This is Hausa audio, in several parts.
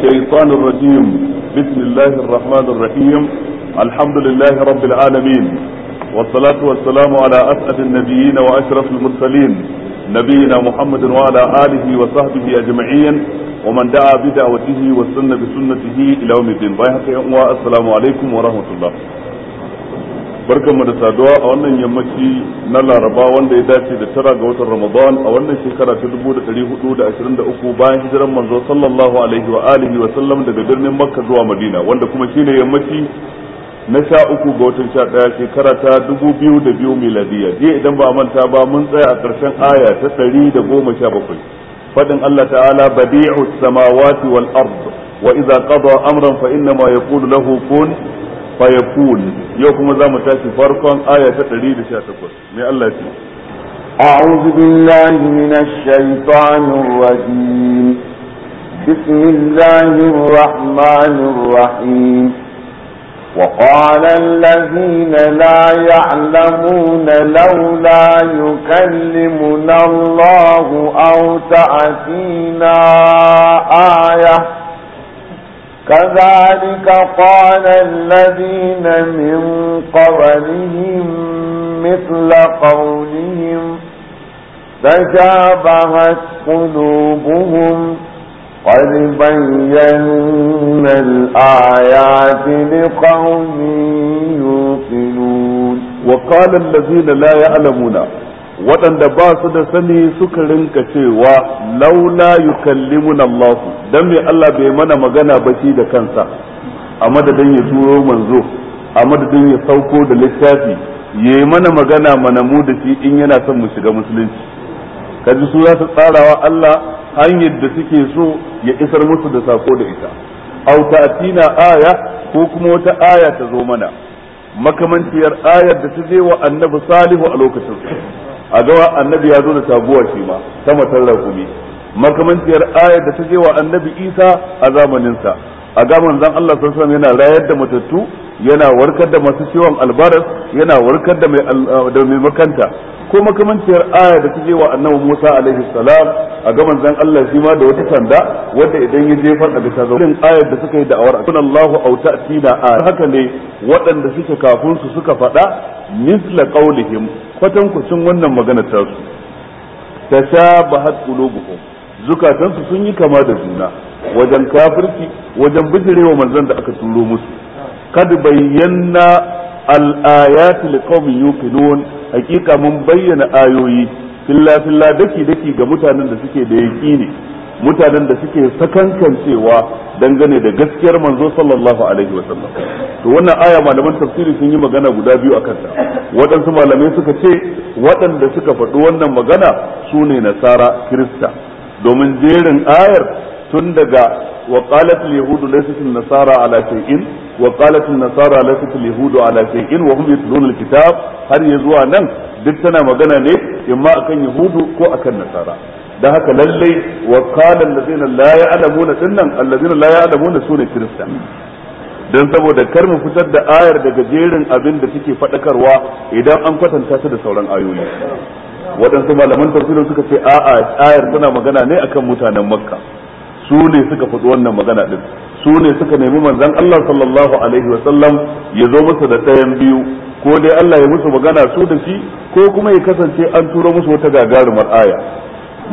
الشيطان الرجيم بسم الله الرحمن الرحيم الحمد لله رب العالمين والصلاة والسلام على أسعد النبيين وأشرف المرسلين نبينا محمد وعلى آله وصحبه أجمعين ومن دعا بدعوته وسن بسنته إلى يوم الدين السلام عليكم ورحمة الله barkanmu da saduwa a wannan yammaci na laraba wanda ya dace da tara ga watan ramadan a wannan shekara ta dubu da dari hudu da ashirin da uku bayan hijiran manzo sallallahu alaihi wa alihi wa sallam daga birnin makka zuwa madina wanda kuma shine yammaci na sha uku ga watan sha ɗaya shekara ta dubu biyu da biyu miladiya jiya idan ba a manta ba mun tsaya a karshen aya ta ɗari da goma sha bakwai faɗin allah ta'ala badi'u samawati wal ard wa idza qada amran fa innama yaqulu lahu kun bayapul yau kuma zamu tashi farkon aya ta ɗari biyar ta kosɗe mi'ala fiye. a aziya na duminash shaitan rahim waƙoƙarin la zina la yaxan lamu na laulayu kan limu na lukaku a wuta aya. كذلك قال الذين من قبلهم مثل قولهم تشابهت قلوبهم قد بينا الآيات لقوم يوقنون وقال الذين لا يعلمون waɗanda ba su da sani suka rinka cewa laula yukallimun Allah dan me Allah bai mana magana ba shi da kansa a madadin ya turo manzo a madadin ya sauko da littafi ya yi mana magana mana mu da shi in yana son mu shiga musulunci kaji su za su tsarawa Allah hanyar da suke so ya isar musu da sako da ita au ta'tina aya ko kuma wata aya ta zo mana Makamanciyar ayar da ta je wa annabi salihu a lokacin a gawa annabi ya zo da taguwa shi ma ta matar rakumi makamanciyar ayar da ta je wa annabi isa a zamaninsa a ga manzon Allah sassan yana rayar da matattu yana warkar da masu ciwon albaras yana warkar da mai uh, da mai makanta ko makamanciyar aya da take wa annabi Musa alaihi salam a ga manzon Allah shi ma da wata sanda wanda idan ya je jefar da ta zaurin ayar da suka yi da'awar Allahu au ta'tina a haka ne waɗanda suke kafin su suka faɗa misla qaulihim kwatan sun wannan magana ta su tashabahat qulubuhum zukatansu sun yi kama da juna wajen kafirci wajen bijirewa manzon da aka turo musu kad bayyana al-ayati liqaumin yuqinun hakika mun bayyana ayoyi filla filla daki daki ga mutanen da suke da ne, mutanen da suke sakankancewa dangane da gaskiyar manzo sallallahu alaihi wa sallam to wannan aya malaman tafsiri sun yi magana guda biyu akan ta waɗansu malamai suka ce waɗanda suka faɗi wannan magana su ne nasara kirista domin jerin ayar tun daga wa yahudu laysat nasara ala shay'in wa nasara laysat yahudu ala shay'in wa hum yatluna kitab har yanzu zuwa nan duk tana magana ne imma akan yahudu ko akan nasara Da haka lallai, wa qala allazina la ya'lamuna dinnan allazina la kirista dan saboda kar mu fitar da ayar daga jerin abin da suke fadakarwa idan an kwatanta ta da sauran ayoyi waɗansu malaman tafsirin suka ce a'a ayar tana magana ne akan mutanen makka su ne suka faɗi wannan magana ɗin su ne suka nemi manzon Allah sallallahu alaihi wasallam ya zo musu da ɗayan biyu ko dai Allah ya musu magana su da shi ko kuma ya kasance an turo musu wata gagarumar aya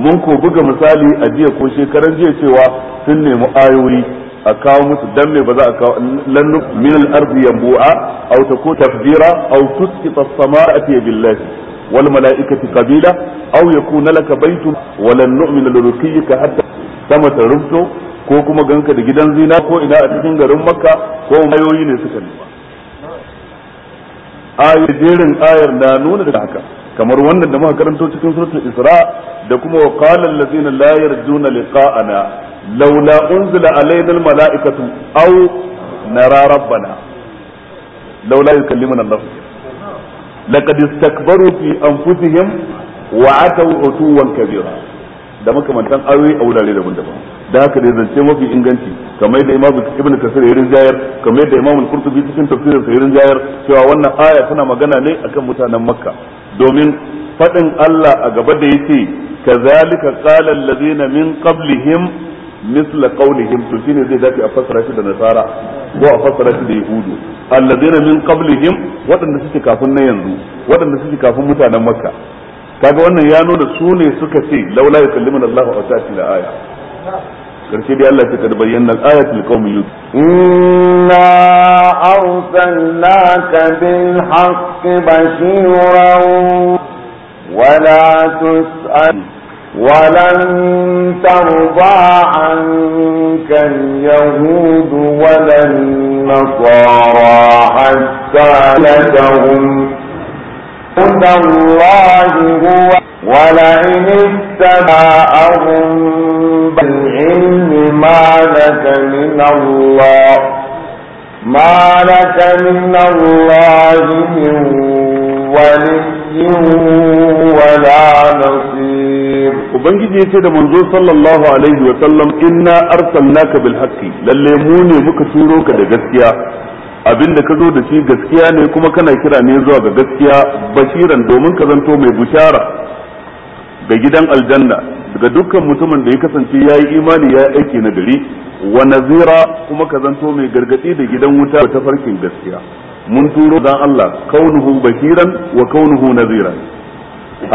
mun ko buga misali a jiya ko shekaran jiya cewa sun nemi ayoyi a kawo musu dan me ba za a kawo lannu min al-ardi yanbu'a aw takun tafdira aw tusqita as-samaa'a billahi wal mala'ikati qabila aw yakuna laka baytun wa lan nu'mina lirukiyika hatta sama ta rufto ko kuma ganka da gidan zina ko ina a cikin garin makka ko mayoyi ne suka nufa ayar jerin ayar na nuna da haka kamar wannan da muka karanto cikin suratul isra da kuma wa qala allazina la yarjuna liqa'ana laula unzila alaina almala'ikatu aw nara rabbana laula yukallimuna allah laqad istakbaru fi anfusihim wa ataw utuwan kabira da makamantan ayoyi a wurare daban-daban da haka da zance mafi inganci kamar da imamu ibn kasir ya rinjayar kamar da imamu qurtubi cikin tafsirin sa ya rinjayar cewa wannan aya tana magana ne akan mutanen makka domin fadin Allah a gaba da yake kazalika qala allazina min qablihim misla qawlihim to shine zai dace a fassara shi da nasara ko a fassara shi da yahudu allazina min qablihim waɗanda suke kafin na yanzu waɗanda suke kafin mutanen makka kaga wannan ya nuna su ne suka ce laula ya yukallimuna Allahu wa ta'ti la aya karshe dai Allah ya kada bayyana al-ayat li qaumin yud inna arsalnaka bil haqqi bashiran ولا تسأل ولن ترضى عنك اليهود ولا النصارى حتى لتهم هدى الله هو ولئن اتبعهم بالعلم ما لك من الله ما لك من الله من ولي ولا نصير ubangiji yace da manzo sallallahu alaihi wa sallam inna arsalnaka bil haqqi lalle mu ne muka turo ka da gaskiya Abin da ka zo da shi gaskiya ne kuma kana kira ne zuwa ga gaskiya bashiran domin ka zanto mai bushara ga gidan aljanna daga dukkan mutumin da ya kasance ya yi imani ya yi aiki na gari wa nazira kuma ka zanto mai gargadi da gidan wuta ta farkin gaskiya mun turo dan Allah kaunuhu bashiran wa kaunuhu nazira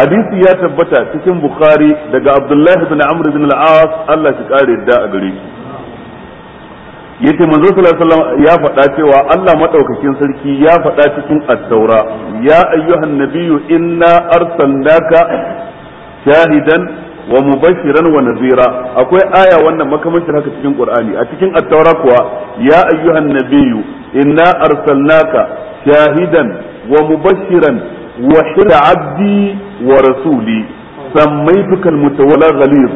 hadisi ya tabbata cikin bukhari daga abdullahi bin amr bin al-as Allah shi kare da a gare shi yace manzo sallallahu alaihi wasallam ya faɗa cewa Allah madaukakin sarki ya faɗa cikin at-taura ya ayyuhan nabiyyu inna arsalnaka shahidan wa mubashiran wa nazira akwai aya wannan makamashin haka cikin qur'ani a cikin at kuwa ya ayyuhan nabiyyu inna arsalnaka shahidan wa mubashiran wa hida abdi wa rasuli sammaytuka mutawalla ghalib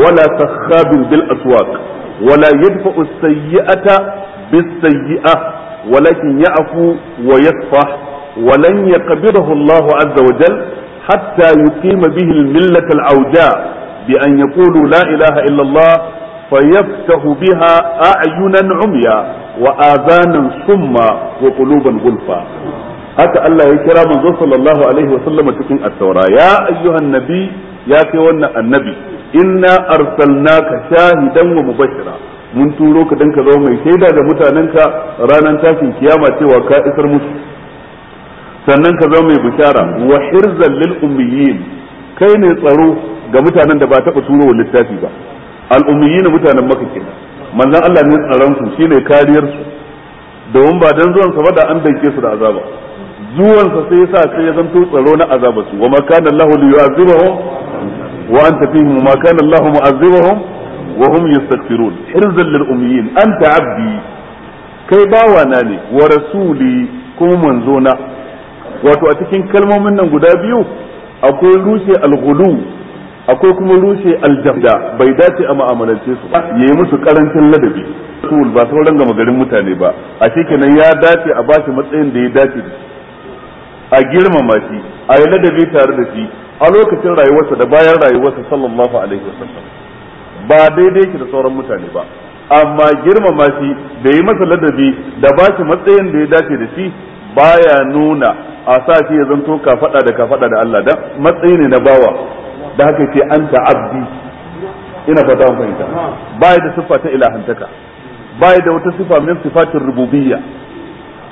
wala sakhab bil aswaq wala yadfa'u sayyi'ata bis-sayyi'a walakin afu wa yasfah ولن يقبضه الله عز وجل حتى يقيم به الملة العوجاء بأن يقولوا لا إله إلا الله فيفتح بها أعينا عميا وآذانا صما وقلوبا غلفا haka Allah ya kira manzo sallallahu alaihi wa sallama cikin at ya ayyuhan nabi ya kai wannan annabi inna arsalnaka shahidan wa mubashira mun turo ka dan ka zama mai shaida ga mutanenka ranar tashin kiyama cewa ka isar musu sannan ka zama mai bishara wa hirzan lil ummiyin kai ne tsaro ga mutanen da ba taɓa turo wa littafi ba al ummiyin mutanen maka kenan manzon Allah ne tsaron su shine kariyar su domin ba dan zuwan sa ba da an danke su da azaba zuwan sa sai yasa sai ya zanto tsaro na azaba su wa makana Allahu liyu'azibahu wa anta fihim ma kana Allah mu'azzibuhum wa hum yastaghfirun hirzan lil ummiyin anta abdi kai bawa na ne wa rasuli kuma manzona wato a cikin kalmomin nan guda biyu akwai rushe alghulu akwai kuma rushe aljahda bai dace a ma'amalance su ba yayi musu karancin ladabi rasul ba sauran gama garin mutane ba a kenan ya dace a bashi matsayin da ya dace a girmama shi a yi ladabi tare da shi a lokacin rayuwarsa da bayan rayuwarsa sallallahu alaihi wasallam ba daidai ki da sauran mutane ba amma girmama shi da yi masa ladabi da ba shi matsayin da ya dace da shi baya nuna a sa shi ya zanto ka fada da ka fada da Allah da matsayi ne na bawa da haka ce anta abdi ina fata mun fahimta ba da siffa ta ilahantaka ba da wata siffa min sifatin rububiyya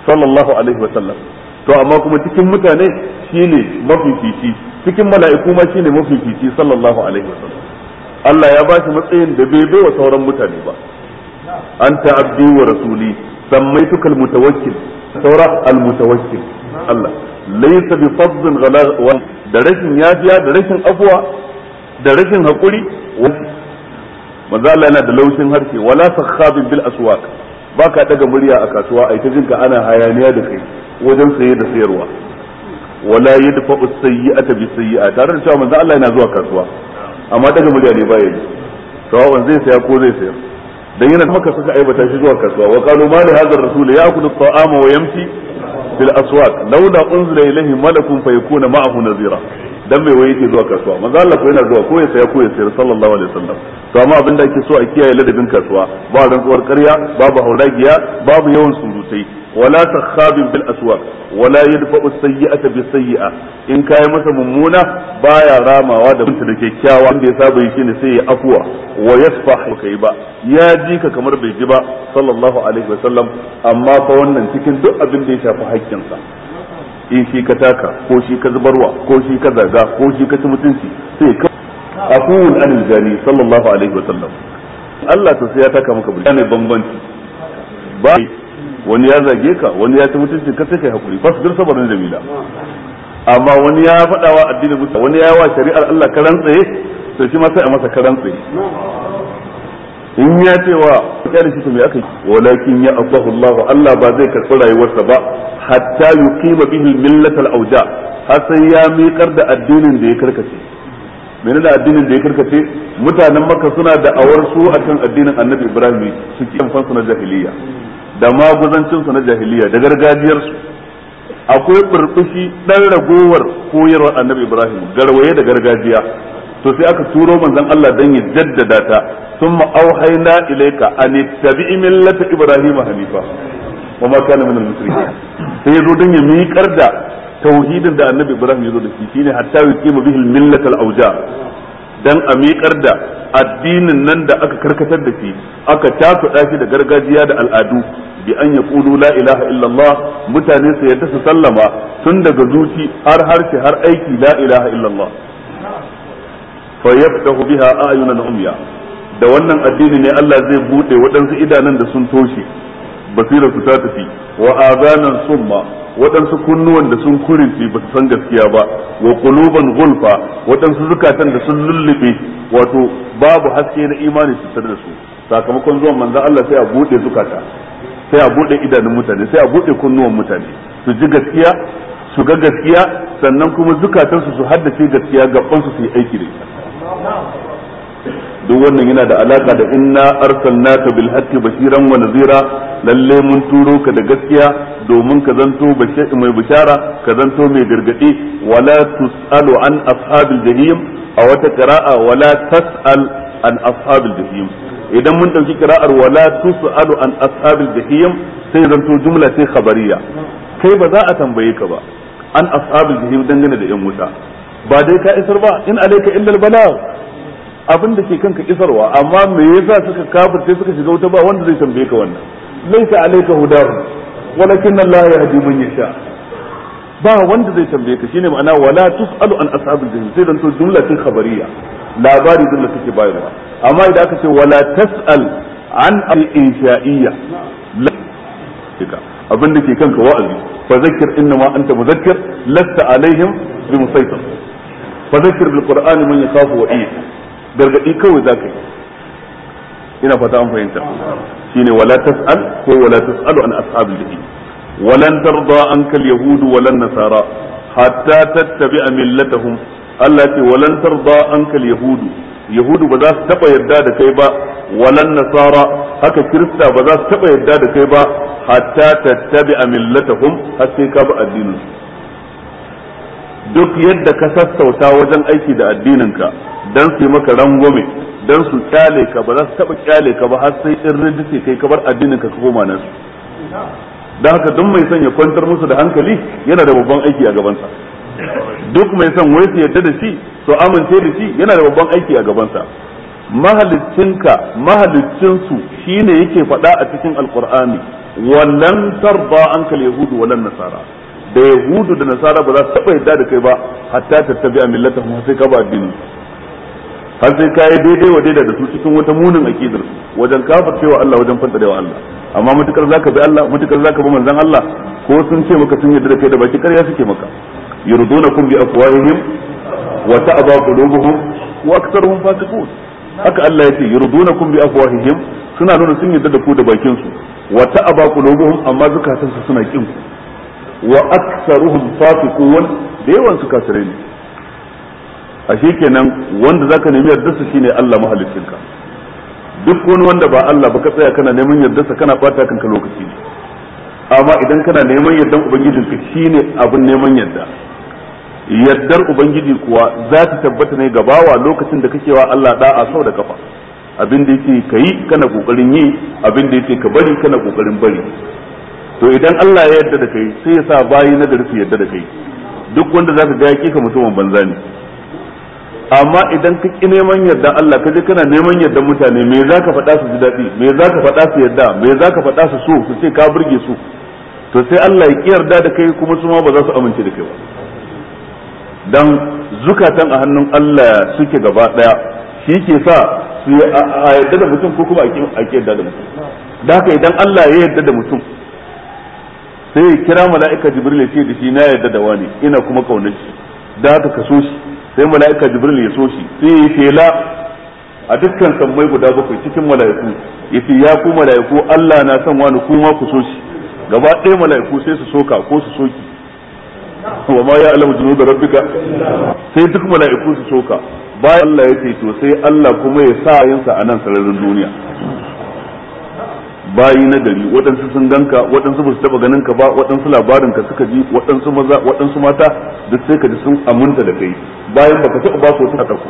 sallallahu alaihi wasallam to amma kuma cikin mutane shine mafifici cikin mala'iku ma shine mafi kici sallallahu alaihi wasallam Allah ya ba shi matsayin da bai bai wa sauran mutane ba anta abdi wa rasuli sammaituka almutawakkil saura almutawakkil Allah laysa bi fadl ghala da rashin yafiya da rashin afwa da rashin hakuri manzo Allah yana da laushin harshe wala sakhabin bil aswaq baka daga murya a kasuwa ai ta jinka ana hayaniya da kai wajen saye da sayarwa wala yadfa'u sayyi'ata bi sayyi'a tare da cewa manzo Allah yana zuwa kasuwa amma daga murya ne ba yayi sawaban zai saya ko zai sayar dan yana haka suka aibata shi zuwa kasuwa wa qalu ma li hadha ar-rasul ya'kulu at-ta'ama wa yamshi fil aswaq laula unzila ilayhi malakun ma'ahu nazira dan mai waye yake zuwa kasuwa manzo Allah ko yana zuwa ko ya saya ko ya sayar sallallahu alaihi wasallam to amma abin da ake so a kiyaye ladabin kasuwa ba rantsuwar ƙarya babu hauragiya babu yawan surutai wala takhabin bil aswaq wala yadfa'u sayyi'ata bis sayyi'a in kai masa mummuna baya ramawa da mutunta da kyakkyawa wanda ya saba yi ne sai ya afwa wa yasfah kai ba ya ji ka kamar bai ji ba sallallahu alaihi wasallam amma fa wannan cikin duk abin da ya shafi haƙƙinsa in shi ka taka ko shi ka zubarwa ko shi ka zaga ko shi ka ci mutunci sai ka afuwun anil jani sallallahu alaihi wa sallam Allah to sai ya taka maka bulli ne bambanci ba wani ya zage ka wani ya ci mutunci ka sai kai hakuri fasbir sabarin jamila amma wani ya faɗawa addinin musa wani ya wa shari'ar Allah karan tsaye to shi ma sai a masa karan tsaye in ya ce wa kyale shi to me akai walakin ya afahu Allah Allah ba zai karɓi rayuwarsa ba hatta yuqima bihi millat al-awja har sai ya miƙar da addinin da ya karkace da addinin da ya karkace mutanen Makka suna da awar su akan addinin Annabi Ibrahim su kiyan fansu na jahiliya da maguzancin su na jahiliya da gargajiyar su akwai burbushi dan ragowar koyarwar Annabi Ibrahim garwaye da gargajiya to sai aka turo manzon Allah dan ya jaddada ta thumma auhayna ilayka an tabi'i millata ibrahima hanifa wa ma kana minal musrikin sai yazo dan ya miƙar da tauhidin da annabi ibrahim zo da shi shine hatta yuqimu bihi millata al-awja dan a miƙar da addinin nan da aka karkatar da shi aka takuɗa shi da gargajiya da al'adu bi an ya ƙulu la ilaha illallah mutane su yadda su sallama tun daga zuci har harshe har aiki la ilaha illallah fa yaftahu biha ayunan umya da wannan addini ne Allah zai bude waɗansu idanun da sun toshe basirar su ta tafi wa azanan summa waɗansu kunnuwan da sun kurinci ba su san gaskiya ba wa quluban gulfa waɗansu zukatan da sun lullube wato babu haske na imani su da su sakamakon zuwan manzo Allah sai a bude zukata sai a bude idanun mutane sai a bude kunnuwan mutane su ji gaskiya su ga gaskiya sannan kuma zukatansu su haddace gaskiya gaban su su yi aiki da ita duk wannan yana da alaka da inna arsalnaka bil haqqi bashiran wa nadhira lalle mun turo ka da gaskiya domin ka zanto mai bishara ka zanto mai gargadi wala tusalu an ashabil jahim a wata qira'a wala tasal an ashabil jahim idan mun dauki qira'ar wala tusalu an ashabil jahim sai zanto jumla sai khabariya kai ba za a tambaye ka ba an ashabil jahim dangane da yan wuta ba dai ka isar ba in alayka illa albalagh abin da ke kanka isarwa amma me yasa suka kafirce suka shiga wuta ba wanda zai tambaye ka wannan laysa alayka hudahu walakin Allah yahdi man yasha ba wanda zai tambaye ka shine ma'ana wala tusalu an ashabul jahim sai dan to jumla ce khabariya labari din da take bayarwa amma idan aka ce wala tasal an al-insha'iyya abin da ke kanka wa'azi fa zakkir innama anta muzakkir lasta alaihim bi musaytir fa zakir bil qur'ani man yakhafu wa'id gargadi kawai zaka yi ina fata an fahimta shine wala tas'al ko wala tas'alu an ashabil jahim walan tarda anka al yahud walan nasara hatta tattabi'a millatahum Allah ce walan tarda anka al yahud yahudu ba za su taba yarda da kai ba walan nasara haka kirista ba za su taba yarda da kai ba hatta tattabi'a millatahum har sai ka bi addinin su duk yadda ka sassauta wajen aiki da addininka don su yi maka rangwame don su kyale ka ba za su taba kyale ka ba har sai in rinjice kai kabar addininka ka koma nan da haka duk mai son ya kwantar musu da hankali yana da babban aiki a gabansa duk mai son wai su yadda da shi su amince da shi yana da babban aiki a gabansa mahalicinka mahalicinsu shine yake faɗa a cikin alkur'ani wallan tarba ankal yahudu walan nasara da yahudu da nasara ba za su taba yadda da kai ba hatta ta tabi tattabi'a millatahum sai ka ba addinin har sai ka yi daidai wa daidai da su cikin wata munin akidar wajen cewa Allah wajen fantarewa Allah amma mutukar zaka bi Allah mutukar zaka bi manzon Allah ko sun ce maka sun yarda da kai da baki ƙarya suke maka yurdunakum bi afwahihim wa ta'aba qulubuhum wa aktharuhum fasiqun haka Allah yace yurdunakum bi afwahihim suna nuna sun yarda da ku da bakin su wa ta'aba qulubuhum amma zukatan su suna kin ku wa aktsaruhum fasiqun da yawan su ne ashe kenan wanda zaka nemi yarda su shine Allah ka. duk wani wanda ba Allah ba ka tsaya kana neman yarda sa kana bata kanka lokaci amma idan kana neman yardan ubangijin ka shine abin neman yarda yaddar ubangiji kuwa za ta tabbata ne gabawa lokacin da kake wa Allah da'a sau da kafa abin da yake kayi kana kokarin yi abin da yake ka bari kana kokarin bari to idan Allah ya yarda da kai sai ya sa bayi na gari su yarda da kai duk wanda ka ga yake kika mutumin banza ne amma idan ka ki neman yarda Allah ka je kana neman yarda mutane me za ka faɗa su ji daɗi me ka faɗa su yarda me za ka faɗa su so su ce ka burge su to sai Allah ya ki yarda da kai kuma su ma ba za su amince da kai ba dan zukatan a hannun Allah suke gaba daya shi ke sa su a yarda da mutum ko kuma a ki yarda da mutum da haka idan Allah ya yarda da mutum sai ya kira mala'ika jibril ya ce da shi na yarda da wani ina kuma kauna shi da haka ka so shi sai mala'ika jibril ya so shi sai ya fela a dukkan sammai guda bakwai cikin mala'iku ya ce ya ku mala'iku Allah na san wani kuma ku so shi gaba ɗaya mala'iku sai su soka ko su soki wa ma ya alamu junu da rabbika sai duk mala'iku su soka bayan Allah ya ce to sai Allah kuma ya sa yinsa a nan sararin duniya bayi na gari waɗansu sun ganka waɗansu ba su taɓa ganin ka ba waɗansu labarin ka suka ji waɗansu maza waɗansu mata duk sai ka ji sun aminta da kai bayan baka taɓa ba su haɗa ku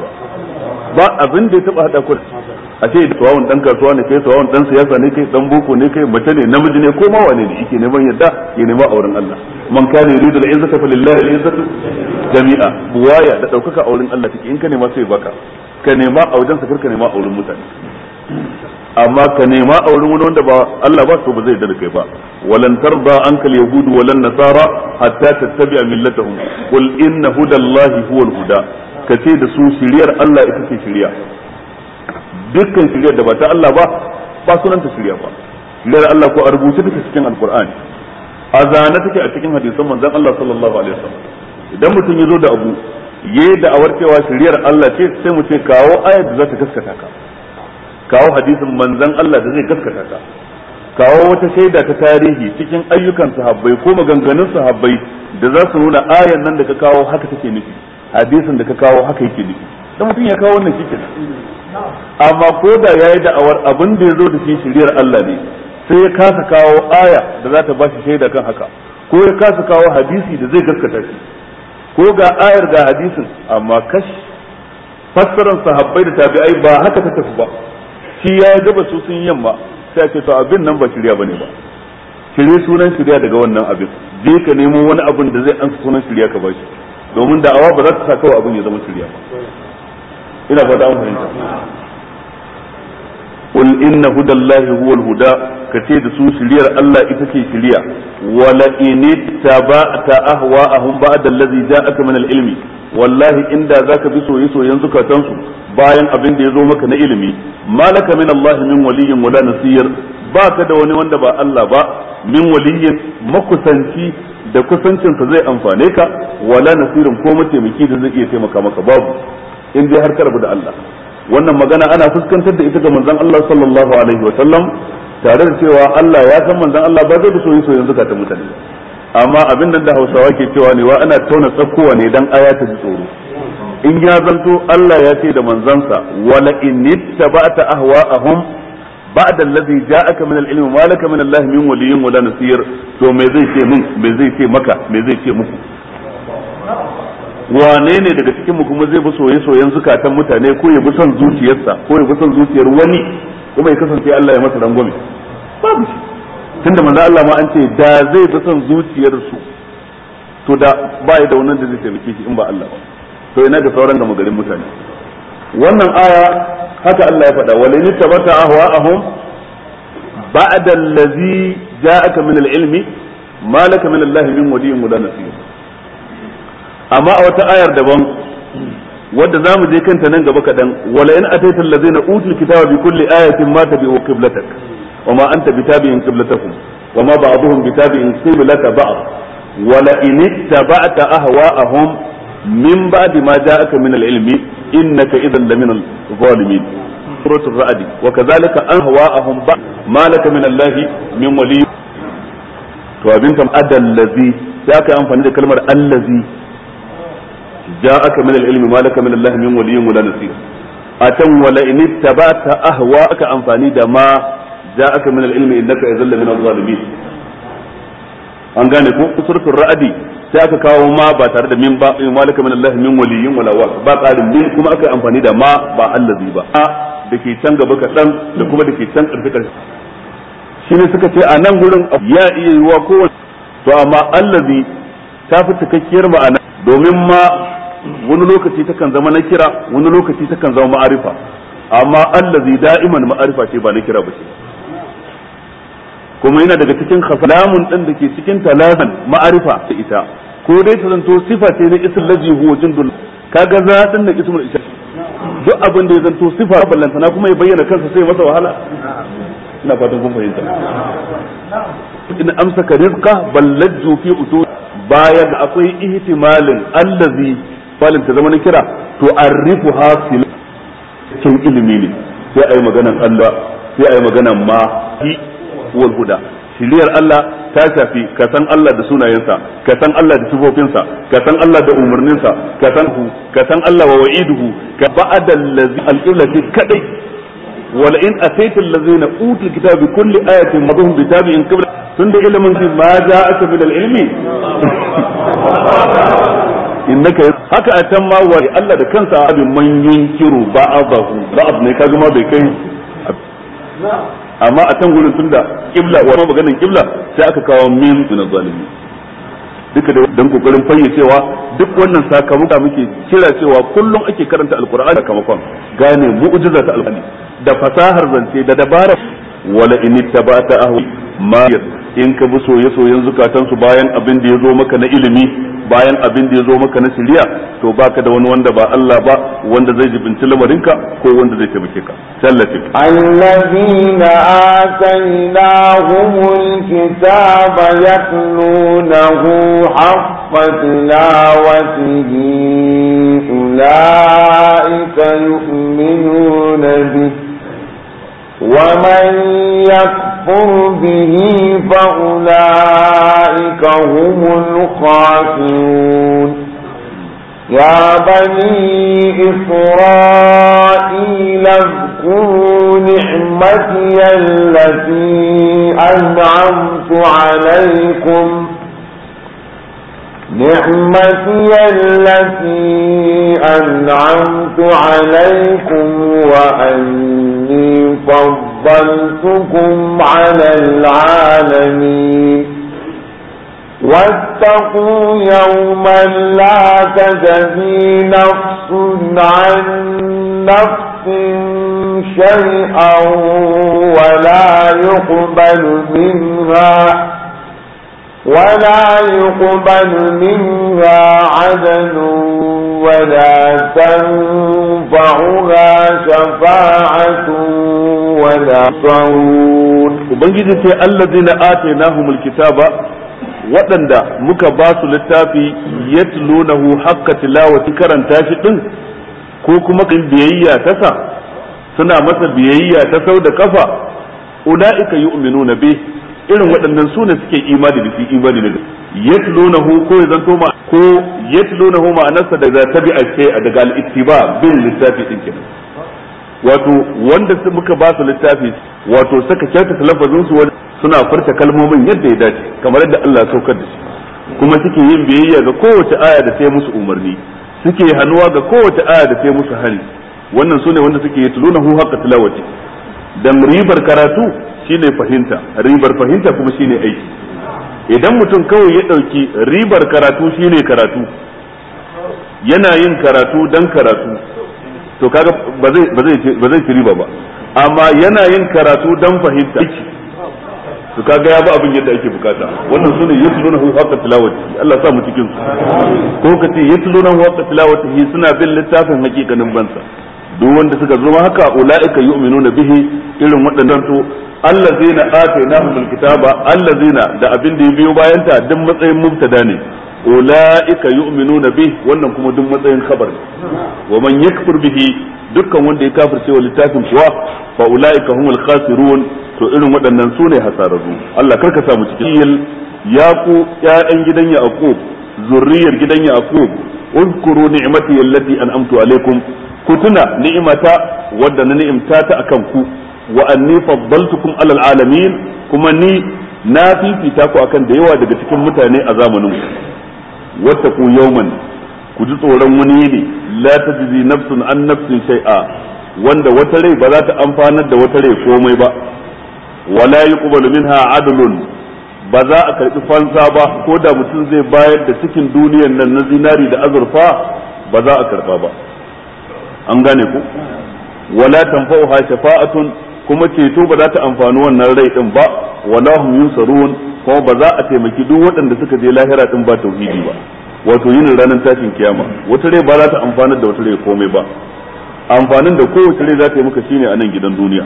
ba abin da ya taɓa haɗa ku a ce da tawawan dan kasuwa ne kai tawawan dan siyasa ne kai dan boko ne kai mace ne namiji ne ko ma wane ne ke neman yadda ke neman auren Allah man kana yuridu da izzata fa lillahi al-izzatu jami'a buwaya da daukaka auren Allah take in ka nema sai baka ka nema a wajen sa karka nema auren mutane amma ka nema a wurin wani wanda ba Allah ba to ba zai da kai ba walan tarda anka yahudu walan nasara hatta tattabi'a millatahum qul inna hudallahi huwal huda ka ce da su shiriyar Allah ita ce shiriya dukkan shiriyar da ba ta Allah ba ba ta shiriya ba shiriyar Allah ko a rubuce take cikin alqur'ani a zana take a cikin hadisan manzon Allah sallallahu alaihi wasallam idan mutum ya zo da abu yayi a cewa shiriyar Allah ce sai mu ce kawo ayat da za ta gaskata ka kawo hadisin manzon Allah da zai gaskata ka kawo wata shaida ta tarihi cikin ayyukan sahabbai ko maganganun sahabbai da za su nuna ayan nan da ka kawo haka take nufi hadisin da ka kawo haka yake nufi dan mutum ya kawo wannan cikin. amma ko da yayi da'awar abin da yazo da shi shiriyar Allah ne sai ya kasa kawo aya da za ta ba shi shaida kan haka ko ya kasa kawo hadisi da zai gaskata shi ko ga ayar ga hadisin amma kash fassarar sahabbai da tabi'ai ba haka ta tafi ba shi ya gaba su sun yamma sai ce to abin nan ba shirya bane ba shirya sunan shirya daga wannan abin je ka nemo wani abin da zai ansa sunan shirya ka bashi domin da'awa ba za ta sa kawai abin ya zama shirya ba ina fata an fahimta qul inna hudallahi huwal huda kace da su shiriyar Allah ita ce shiriya wala in a ahwa'ahum ba'da allazi ja'aka aka al ilimi wallahi inda zaka bi soyi soyen zukatan su bayan abin da ya zo maka na ilimi malaka min Allah min waliyyin wala nasir baka da wani wanda ba Allah ba min waliyyin makusanci da kusancinsa zai amfane ka wala nasirin ko mataimaki da zai iya taimaka maka babu in dai har ka rabu da Allah wannan magana ana fuskantar da ita ga manzon Allah sallallahu alaihi wa tare da cewa Allah ya san manzon Allah ba zai da soyi zuka ta mutane amma abin da Hausawa ke cewa ne wa ana tauna tsakkowa ne dan aya ta ji tsoro in ya zanto Allah ya ce da manzansa wala in ittaba'ta ahwa'ahum ba'da allazi ja'aka min al-ilmi ma laka min Allah min waliyyin wala nasir to me zai ce min me zai ce maka me zai ce muku wane ne daga cikin mu kuma zai bi soye zukatan mutane ko ya bi son zuciyarsa ko ya bi son zuciyar wani kuma ya kasance Allah ya masa rangwame babu shi tunda manzo Allah ma an ce da zai bi son zuciyar su to da ba ya da wannan da zai taimake shi in ba Allah ba to ina da sauran gama garin mutane wannan aya haka Allah ya faɗa walain tabata ahwa'ahum ba'da allazi ja'aka min al-ilmi malaka min Allah min waliyyin wa amma a wata ayar daban wadda za mu je kanta nan gaba kaɗan wala in a ataita na utul kitaba bi kulli ayatin ma ta tabi'u qiblatak wa ma anta bitabi'in qiblatakum wa ma ba'dhum bitabi'in qiblata ba wala in ittaba'ta ahwa'ahum min ba'di ma ja'aka min al-ilmi innaka idhan lamina al-zalimin سورة الرعد وكذلك أهواءهم بعد ما لك من الله min wali to abin kam adallazi sai aka yi amfani da kalmar allazi ja'aka min al-ilmi ma laka min Allah min waliyyin wala nasir atan wala in tabata ahwa'aka amfani da ma ja'aka min al-ilmi min an gane ko suratul ra'di sai aka kawo ma ba tare da min ba ma laka min Allah min wala wa ba qarin min kuma aka amfani da ma ba allazi ba da ke can gaba kaɗan da kuma da ke can ƙarfi ƙarfi shi ne suka ce a nan gurin ya iya yiwa kowace to amma allazi ta fi cikakkiyar ma'ana domin ma wani lokaci takan zama na kira wani lokaci takan zama ma'arifa amma Allah zai da'iman ma'arifa ce ba na kira ba ce kuma yana daga cikin khafalamun din da ke cikin talahan ma'arifa ta ita ko dai ta zanto sifa ce na isin lazi huwa jundul kaga za din na ismul isha duk abin da ya zanto sifa na kuma ya bayyana kansa sai masa wahala ina fatan kun fahimta in amsaka rizqa ballajju fi utu bayan akwai ihtimalin allazi falin ta zama kira to arrifu hasil cikin ilimi ne sai ayi maganan Allah sai maganan ma wal huda shiriyar Allah ta shafi ka san Allah da sunayensa ka san Allah da sifofinsa ka san Allah da umarninsa ka san hu ka san Allah wa wa'iduhu ka al fi kadai in ataita allazina utul kulli ayatin tun da ilimin shi ba ja aka bi ilmi innaka haka a can ma wa Allah da kansa abin ba ku ba abu ne kaga ma bai kai amma a can gurin da kibla wa maganin kibla sai aka kawo min min zalimi duka da dan kokarin fayyacewa duk wannan sakamako muke kira cewa kullum ake karanta alqur'ani sakamakon gane mu'jiza ta alqur'ani da fasahar zance da dabara wala in tabata ahwi ma in ka bi soye-soyen zukatansu bayan abin da ya zo maka na ilimi bayan abin da ya zo maka na shiriya to baka da wani wanda ba Allah ba wanda zai jibinci lamarinka ko wanda zai taimake ka tallafi allazina atainahumul kitaba yatlunahu haqqa tilawatihi ulaika yu'minuna bihi ومن يكفر به فأولئك هم الخاسرون يا بني إسرائيل اذكروا نعمتي التي أنعمت عليكم نعمتي التي أنعمت عليكم وأني فضلتكم على العالمين واتقوا يوما لا تجزي نفس عن نفس شيئا ولا يقبل منها ولا يقبل منها عدل ولا تنفعها شفاعة ولا صوت وبنجد الذين آتيناهم الكتاب waɗanda muka basu littafi su littafi yatlunahu haqqa tilawati karanta shi ɗin, ko kuma kai biyayya tasa suna masa biyayya ta sau da ƙafa, kafa ulaika na bih irin waɗannan su ne suke imani da su imani da yatlunahu ko ya zanto ma ko yatlunahu ma'anarsa da za ta bi a daga al-ittiba bin littafi din ke. wato wanda muka ba su littafi wato saka kyautata lafazin su suna furta kalmomin yadda ya dace kamar yadda Allah ya saukar da shi kuma suke yin biyayya ga kowace aya da sai musu umarni suke hannuwa ga kowace aya da sai musu hali. wannan sune wanda suke yatlunahu haqqa tilawati dan ribar karatu shine fahimta ribar fahimta kuma shine aiki idan mutum kawai ya ɗauki ribar karatu shine karatu yana yin karatu dan karatu to kaga ba zai ba zai ba zai ci riba ba amma yana yin karatu dan fahimta to kaga ya ba abin yadda ake bukata wannan sune yatlunahu haqqat tilawati Allah sa mu cikin su ko kace yatlunahu haqqat tilawati suna bin littafin hakikanin bansa duk wanda suka zama haka ulaika yu'minuna bihi irin waɗannan to allazina atainahum alkitaba allazina da abin da ya biyo bayan ta duk matsayin mubtada ne ulaika yu'minuna bihi wannan kuma duk matsayin khabar ne wa man yakfur bihi dukkan wanda ya kafirce wa littafin kuwa fa ulaika humul khasirun to irin waɗannan su ne hasararru Allah karka sa mu cikin ya ku ƴaƴan gidan Yaqub zurriyar gidan Yaqub اذكروا نعمتي التي ku tuna ni'imata wadda na ni'imta ta akan ku wa anni faddaltukum alal alamin kuma ni na fifita ku akan da yawa daga cikin mutane a zamanin ku Wata ku yawman ku ji tsoron wani ne la tajzi nafsun an nafsin shay'a wanda wata rai ba za ta amfanar da wata rai komai ba wala yuqbalu minha adlun ba za a karbi fansa ba ko da mutum zai bayar da cikin duniyar nan na zinari da azurfa ba za a karba ba an gane ku wala ha shafa'atun kuma ceto ba za ta amfani wannan rai din ba wala hum yusarun kuma ba za a taimaki duk waɗanda suka je lahira din ba tauhidi ba wato yin ranar tashin kiyama wata rai ba za ta amfanar da wata rai komai ba amfanin da kowace rai za ta yi maka shine a nan gidan duniya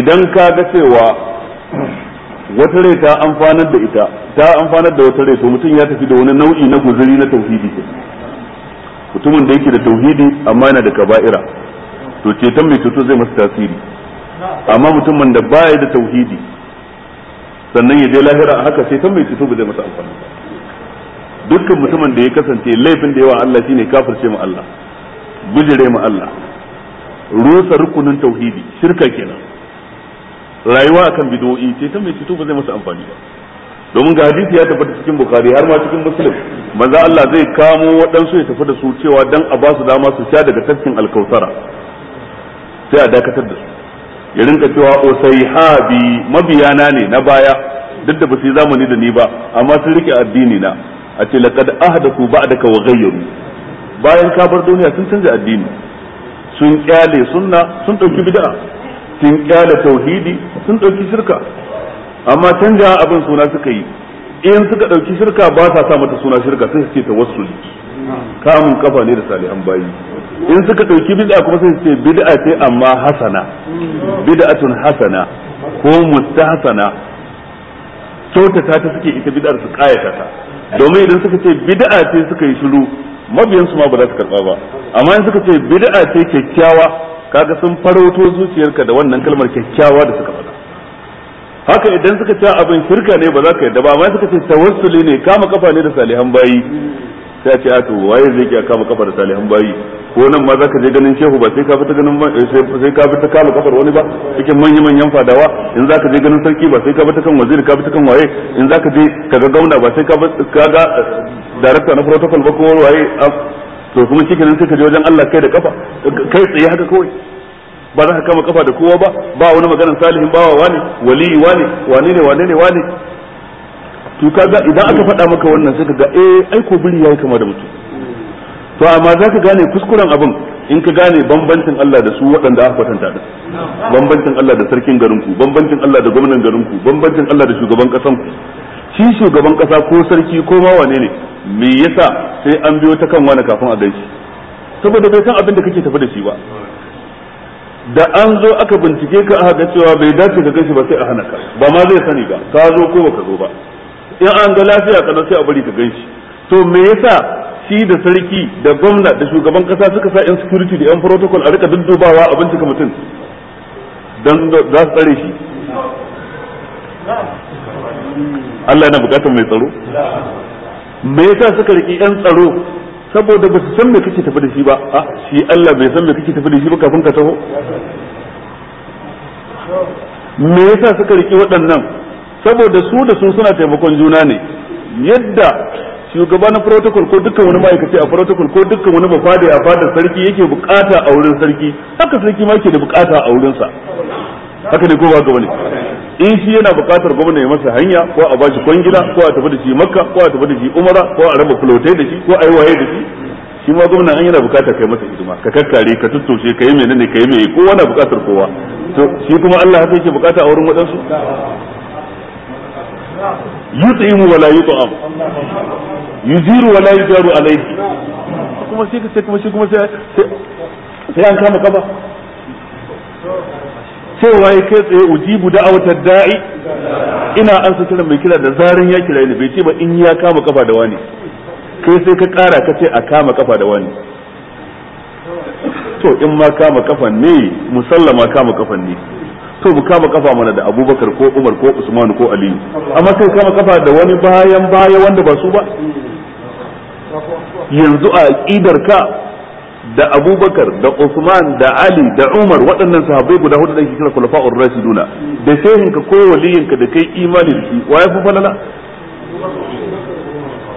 idan ka ga cewa wata rai ta amfanar da ita ta amfanar da wata rai to mutum ya tafi da wani nau'i na guzuri na tauhidi kenan mutumin da yake da tauhidi amma yana da kaba'ira to ceton mai ceto zai masa tasiri amma mutumin da baya da tauhidi sannan ya je lahira haka sai mai ceto ba zai masa amfani ba dukkan mutumin da ya kasance laifin da yawa Allah shine kafirce mu Allah bijire mu Allah rusa rukunin tauhidi shirka kenan rayuwa akan bid'o'i ceton mai ceto ba zai masa amfani ba domin ga hadisi ya tafi cikin bukhari har ma cikin muslim manzo Allah zai kamo waɗansu ya tafi da su cewa dan a basu dama su sha daga tafkin alkausara sai a dakatar da su ya rinka cewa o usaihabi mabiyana ne na baya duk da ba su yi zamani da ni ba amma sun rike addini na a ce laqad ahdathu ba'daka wa ghayyaru bayan ka bar duniya sun canza addini sun kyale sunna sun dauki bid'a sun kyale tauhidi sun dauki shirka amma canja abin suna suka yi in suka ɗauki shirka ba sa sa mata suna shirka sai su ce tawassuli kamun kafa ne da salihan bayi in suka ɗauki bid'a kuma sai su ce bid'a ce amma hasana bid'atun hasana ko mustahsana kyautata ta suke ita bid'ar su kayata ta domin idan suka ce bid'a ce suka yi shiru mabiyan su ma ba za su karba ba amma in suka ce bid'a ce kyakkyawa kaga sun farauto zuciyarka da wannan kalmar kyakkyawa da suka haka idan suka ce abin shirka ne ba za ka yadda ba amma suka ce tawassuli ne kama kafa ne da salihan bayi sai a ce ato ah, waye zai ki kama kafa da salihan bayi ko nan ma za ka je ganin shehu ba sai ka fita ganin eh, sai ka fita kama kafar wani ba cikin manyan manyan fadawa in za ka je ganin sarki ba sai ka fita kan waziri ka fita kan waye in za ka je ka ga gauna ba sai ka ga eh, director na protocol ba ko waye ah, to kuma cikin sai ka je wajen Allah kai da kafa kai tsaye haka kawai ba za ka kama kafa da kowa ba ba wani maganar salihin bawa wane waliyi wane wane ne wane ne wane to kaga idan aka faɗa maka wannan sai kaga eh ai ko biri yayi kama da mutum to amma za ka gane kuskuren abin in ka gane bambancin Allah da su waɗanda aka kwatanta da bambancin Allah da sarkin garinku bambancin Allah da gwamnan garinku bambancin Allah da shugaban ƙasan ku shi shugaban ƙasa ko sarki ko ma wane ne me yasa sai an biyo ta kan wani kafin a gaishe saboda bai san abin da kake tafi da shi ba da an zo aka bincike ka a ga cewa bai dace ka gashi ba sai a hana ka ba ma zai sani ba ka zo ko ka zo ba in an ga lafiya kana sai a bari ka ganshi to me yasa shi da sarki da gwamna da shugaban kasa suka sa yan security da yan protocol a rika duddubawa a bincika mutum dan za su tsare shi Allah yana bukatar mai tsaro me yasa suka riki yan tsaro saboda ba su san me kake tafi da shi ba a ah, shi Allah bai san me kake tafi da shi ba kafin ka taho me yasa suka riki waɗannan saboda su da su suna taimakon juna ne yadda shugaba na protocol ko dukkan wani ma'aikaci a protocol ko dukkan wani bafade a fadar sarki yake bukata a wurin sarki haka sarki ma yake da bukata a wurinsa haka ne ko ba haka bane in shi yana buƙatar gwamna ya masa hanya ko a bashi kwangila ko a tafi da shi makka ko a tafi da shi umara ko a raba fulotai da shi ko a yi waye da shi shi ma gwamna an yana buƙatar kai masa hidima ka kakkare ka tuttoshe ka yi menene ka yi meye kowa na buƙatar kowa to shi kuma Allah haka yake buƙata a wurin waɗansu yut'imu wala yut'am yuziru wala yujaru alayhi kuma sai ka sai kuma shi kuma sai sai an kama kaba cewa ya kai tsaye ujibu awatar da'i ina an su kiran mai kira da zarin ya kira ni bai ce ba in ya kama kafa da wani kai sai ka kara ka ce a kama kafa da wani to in ma kama kafan ne musallama kama kafan ne to mu kama kafa mana da abubakar ko umar ko usman ko aliyu amma kai kama kafa da wani bayan baya wanda ba su ba yanzu a idar ka da abubakar da usman da ali da umar waɗannan sahabbai guda hudu da ake kira khulafa'ur rashiduna da shehin ka ko waliyin ka da kai imani da shi wa ya fi falala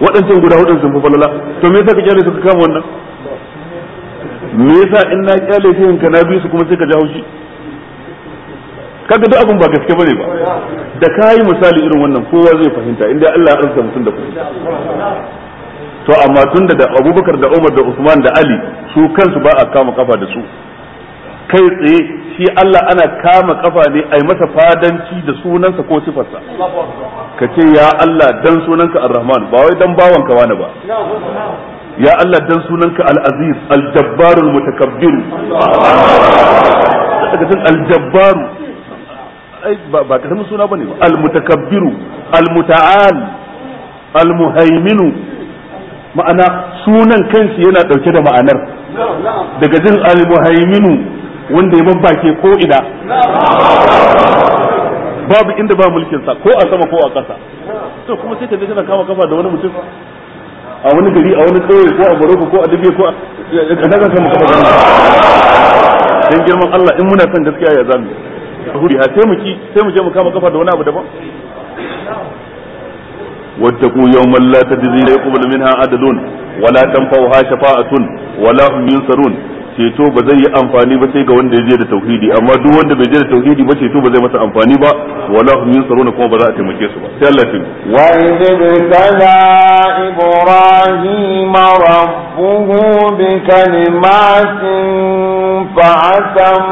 waɗancan guda hudun sun fi falala to me yasa ka kyale suka kama wannan me yasa in na kyale shehin ka na bi su kuma sai ka ja haushi kaga duk abin ba gaske bane ba da kayi misali irin wannan kowa zai fahimta inda Allah ya arzuta mutum da kuɗi to amma tunda da abubakar da umar da usman da ali su kansu ba a kama kafa da su kai tsaye shi Allah ana kama kafa ne a yi masa fadanci da sunansa ko sifarsa ka ce ya Allah dan sunanka al rahman ba wai dan bawanka wani ba ya Allah dan sunanka al-aziz al-jabbar al-mutakabbir al-jabbar ba ka suna bane ba al-mutakabbir al-muta'al al-muhaiminu ma'ana sunan kansu yana ɗauke da ma'anar daga jin almuhaiminu wanda ya babbake ko ina babu inda ba mulkin sa ko a sama ko a ƙasa to kuma sai ka je kama kafa da wani mutum a wani gari a wani ƙauye ko a baroko ko a dubiya ko a kaza kama kafa da dan girman Allah in muna son gaskiya ya zamu huri ha sai mu ki sai mu je mu kama kafa da wani abu daban واتقوا يوما لا تجزي لا يقبل منها عدل ولا تنفعها شفاعة ولا هم ينصرون ceto ba zai yi amfani ba sai ga wanda ya je da tauhidi amma duk wanda bai je da tauhidi ba ceto ba zai masa amfani ba wala hum yusaruna kuma ba za a taimake su ba sai Allah ya wa idza ibrahim rabbuhu bi kalimatin fa'atam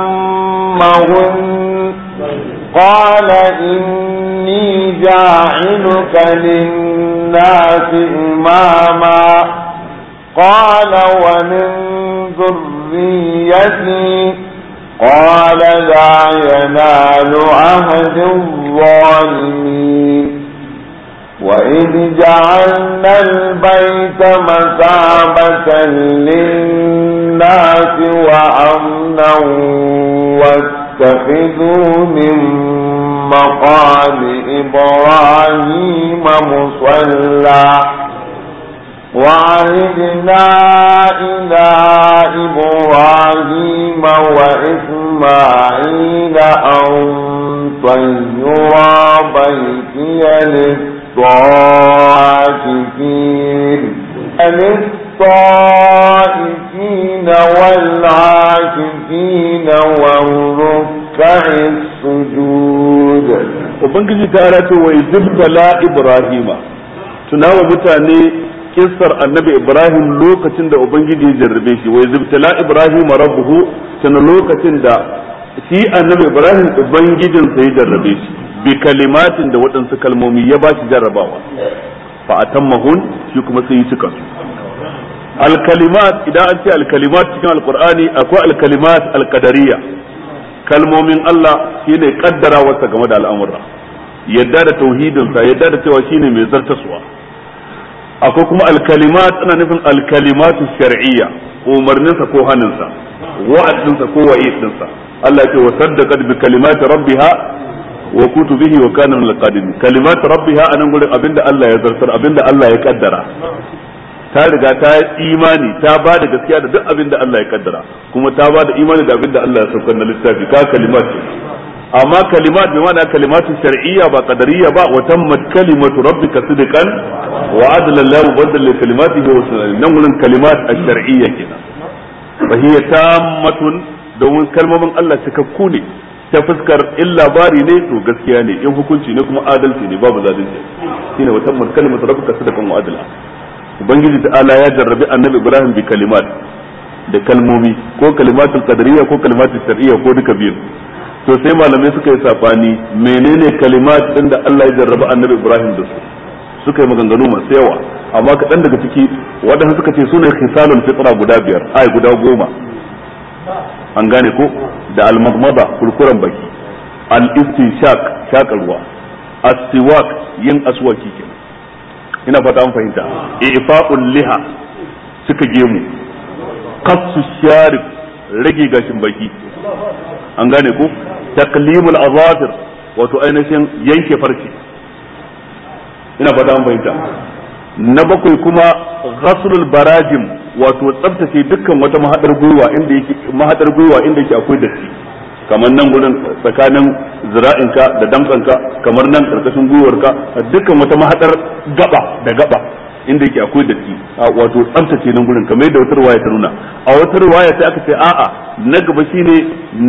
atammahun قال إني جاعلك للناس إماما قال ومن ذريتي قال لا ينال عهد الظالمين وإذ جعلنا البيت مثابة للناس وأمنا وسعا اتخذوا من مقام إبراهيم مصلى وعهدنا إلى إبراهيم وإسماعيل أن طيرا بيتي للطاعة الصائفين والعاكفين والركع السجود وبنجي تعالى ويذب لا إبراهيم تناوى متاني kissar annabi ibrahim lokacin da ubangiji ya jarrabe shi wai zibtala ibrahim rabbuhu tana lokacin da shi annabi ibrahim ubangijin ya jarrabe shi bi kalimatin da waɗansu kalmomi ya ba shi jarrabawa fa atammahun shi kuma sai yi cika su alkalimat idan an ce alkalima cikin alkur'ani akwai alkalimat alkadariya kalmomin Allah shine kaddarawarsa game da al'amurra, yadda da tauhidinsa yadda da cewa shine mai zartaswa akwai kuma alkalima ana nufin alkalimatu shar'iyya umarninsa ko haninsa wa'adinsa ko wa'idinsa Allah ce wa saddaqat bi kalimati rabbiha wa kutubihi wa kana min alqadimin kalimat rabbiha anan gurin abinda Allah ya zartar abinda Allah ya kaddara ta riga ta yi imani ta ba da gaskiya da duk abin da Allah ya kaddara kuma ta ba da imani da abin da Allah ya saukar na littafi ka kalimat amma kalimat bi ma'ana kalimatu shar'iyya ba qadariyya ba wa tammat kalimatu rabbika sidqan wa adla la mubaddal li kalimatihi wa sunan nan gurin kalimat ash-shar'iyya kenan fa hiya tammatun domin kalmomin Allah cikakku ne ta fuskar in labari ne to gaskiya ne in hukunci ne kuma adalci ne babu zalunci shine wa tammat kalimatu rabbika sidqan wa adla ubangiji ta'ala ya jarrabi annabi ibrahim bi kalimat da kalmomi ko kalimatul qadariyya ko kalimatul shar'iyya ko duka biyu to sai malamai suka yi safani menene kalimat din da Allah ya jarrabi annabi ibrahim da su suka yi maganganu masu yawa amma kaɗan daga ciki waɗanda suka ce sunan khisalul fitra guda biyar ai guda goma an gane ko da almadmada kurkuran baki al-istinshaq shakarwa as-siwak yin aswaki kenan ina fata an fahimta ifa'ul liha suka gemu qassu sharib rage gashin baki an gane ku taqlimul azafir wato ainihin yanke farce ina fata an fahimta na bakwai kuma ghaslul barajim wato tsabtace dukkan wata mahadar gwiwa inda yake mahadar gwiwa inda yake akwai datti kamar nan gudun tsakanin zira'inka da damtsanka kamar nan karkashin gwiwarka dukkan wata mahaɗar gaba da gaba inda yake akwai datti wato tsaftace nan gurin kamar yadda wata riwaya ta nuna a wata riwaya ta aka ce a'a na gaba shine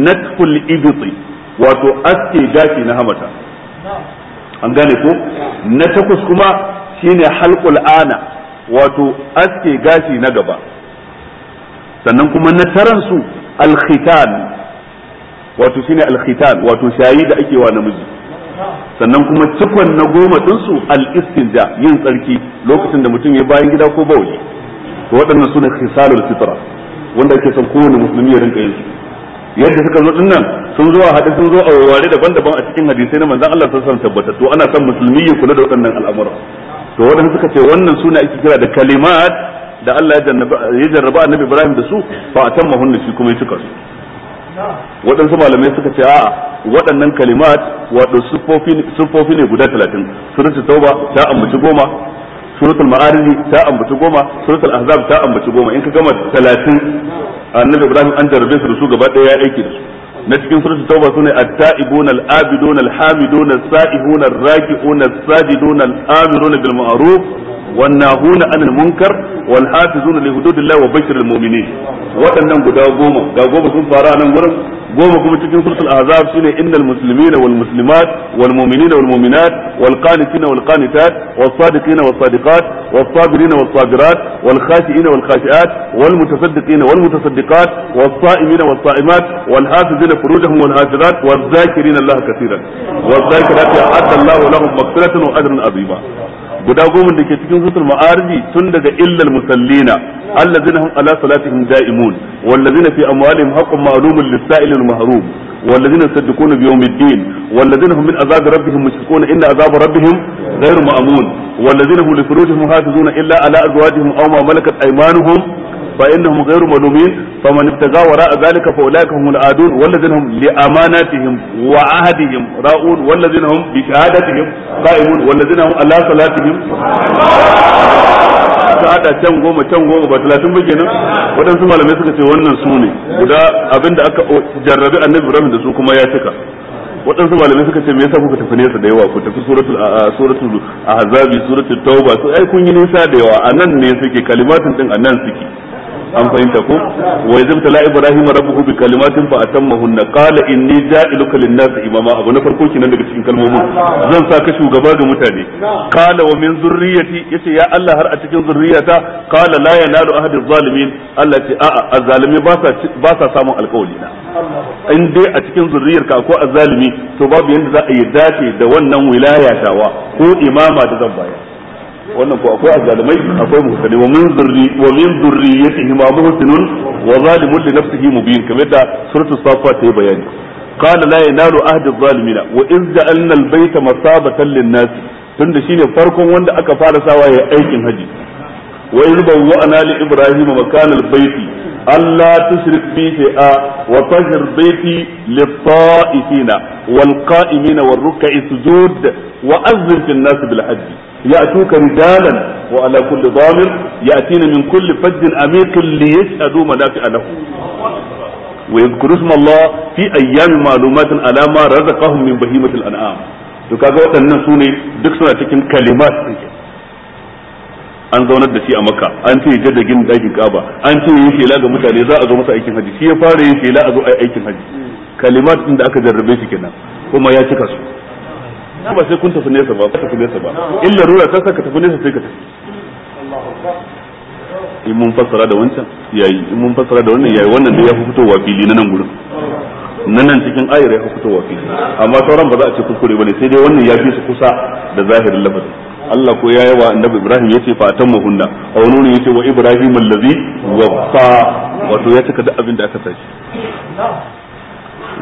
natful ibti wato aske gashi na hamata an gane ko na takwas kuma shine halqul ana wato aske gashi na gaba sannan kuma na taransu alkhitan wato shine al wato shayi da ake wa namiji sannan kuma cikon na goma din su al-istinja yin tsarki lokacin da mutum ya bayan gida ko bawli to waɗannan sune khisalul fitra wanda ake son kowane musulmi ya rinka yin su yadda suka zo dinnan sun zo a haɗe sun zo a ware daban-daban a cikin hadisai na manzon Allah sallallahu alaihi wasallam tabbatattu ana son musulmi ya kula da waɗannan al'amura to waɗannan suka ce wannan suna ake kira da kalimat da Allah ya jarraba annabi Ibrahim da su fa atamma hunna shi kuma ya cika su waɗansu malamai suka ce a'a waɗannan kalimat wato sufofi ne guda talatin suratul tauba ta ambaci goma suratul ma'arij ta ambaci goma suratul ahzab ta ambaci goma in ka gama talatin annabi ibrahim an jarabe su da su gaba ɗaya ya aiki da su na cikin suratul tauba su ne taibuna al-abiduna hamiduna as-sa'ihuna rakiuna as-sajiduna al bil ma'ruf والناهون عن المنكر والحافظون لحدود الله وبشر المؤمنين waɗannan guda goma ga goma sun fara nan gurin goma kuma cikin sulhul ahzab shine innal muslimina wal muslimat wal mu'minina wal mu'minat wal qanitina wal qanitat was sadiqina was sadiqat was sabirina was sabirat wal khashiina wal khashiat wal mutasaddiqina wal mutasaddiqat was saimina was saimat wal hafizina furujahum wal hafizat waz zakirina Allah katiran waz zakirat ya adda lahum maghfiratan wa ajran azima guda goma da ke cikin sutul ma'ariji tun daga illal musallina allazina hum ala salatihim da'imun wallazina fi amwalihim haqqun ma'lumun lis-sa'il al-mahrum wallazina yusaddiquna bi din wallazina hum min azabi rabbihim mushrikun inna azab rabbihim ghayru ma'mun wallazina hum li furujihim hafizuna illa ala azwajihim aw ma malakat aymanuhum fa innahum ghayru malumin faman ibtaga wara zalika fa ulaika humul adun walladhina hum li amanatihim wa ahdihim ra'un walladhina hum bi shahadatihim qa'imun walladhina hum ala salatihim ka hada can goma can goma ba talatin ba kenan waɗansu malamai suka ce wannan su guda abinda aka jarrabi annabi ibrahim da su kuma ya cika waɗansu malamai suka ce me yasa kuka tafi nesa da yawa ku tafi suratul suratul ahzabi suratul tauba to ai kun yi nisa da yawa anan ne suke kalimatin din anan suke an fahimta ko wa yazim tala ibrahim rabbuhu bi kalimatin fa atammahunna qala inni ja'iluka lin-nasi imama abu na farko kenan daga cikin kalmomin zan sa ka shugaba ga mutane qala wa min zurriyyati yace ya Allah har a cikin zurriyata qala la yanalu ahadi zalimin Allah ce a'a azzalimi ba sa ba sa samun alƙawli na in dai a cikin zurriyarka ko azzalimi to babu yanda za a yi dace da wannan wilaya tawa ko imama da zan bayar wannan ko akwai azzalimai akwai muhtadi wa min dhurri wa min dhurriyyatihi ma muhsinun wa zalimun li nafsihi mubin kamar da suratul safat ta bayani قال لا ينال عهد الظالمين وإذ جعلنا البيت مثابة للناس tunda shine farkon wanda aka fara sawa ya aikin haji wa iz bawwa'na li ibrahima makan al-bayti alla tushrik bi shay'a wa tahhir bayti lit-ta'ifina wal-qa'imina war-ruk'i sujud wa azzin fil nas bil hajj يأتوك رجالا وعلى كل ضامر يأتين من كل فج عميق ليشهدوا منافع لهم ويذكر اسم الله في أيام معلومات على ما رزقهم من بهيمة الأنعام to kaga waɗannan su ne duk suna cikin kalimat an zaunar da shi a maka an ce jadda gin dakin kaba an ce yin shela ga mutane za a zo masa aikin haji shi ya fara yin shela a zo aikin haji kalimat in da aka jarrabe shi kenan kuma ya cika su ba sai kun tafi nesa ba ba tafi nesa ba illa rura ta saka tafi nesa sai ka tafi in mun fassara da wancan yayi in mun fassara da wannan yayi wannan da ya fi fitowa fili na nan gurin na nan cikin ayar ya fi fitowa fili amma sauran ba za a ce kuskure bane sai dai wannan ya fi su kusa da zahirin lafazin Allah ko yayi wa annabi Ibrahim yace fa atamma hunna aw ya yace wa Ibrahim allazi wafa wato ya cika duk abin da aka sace.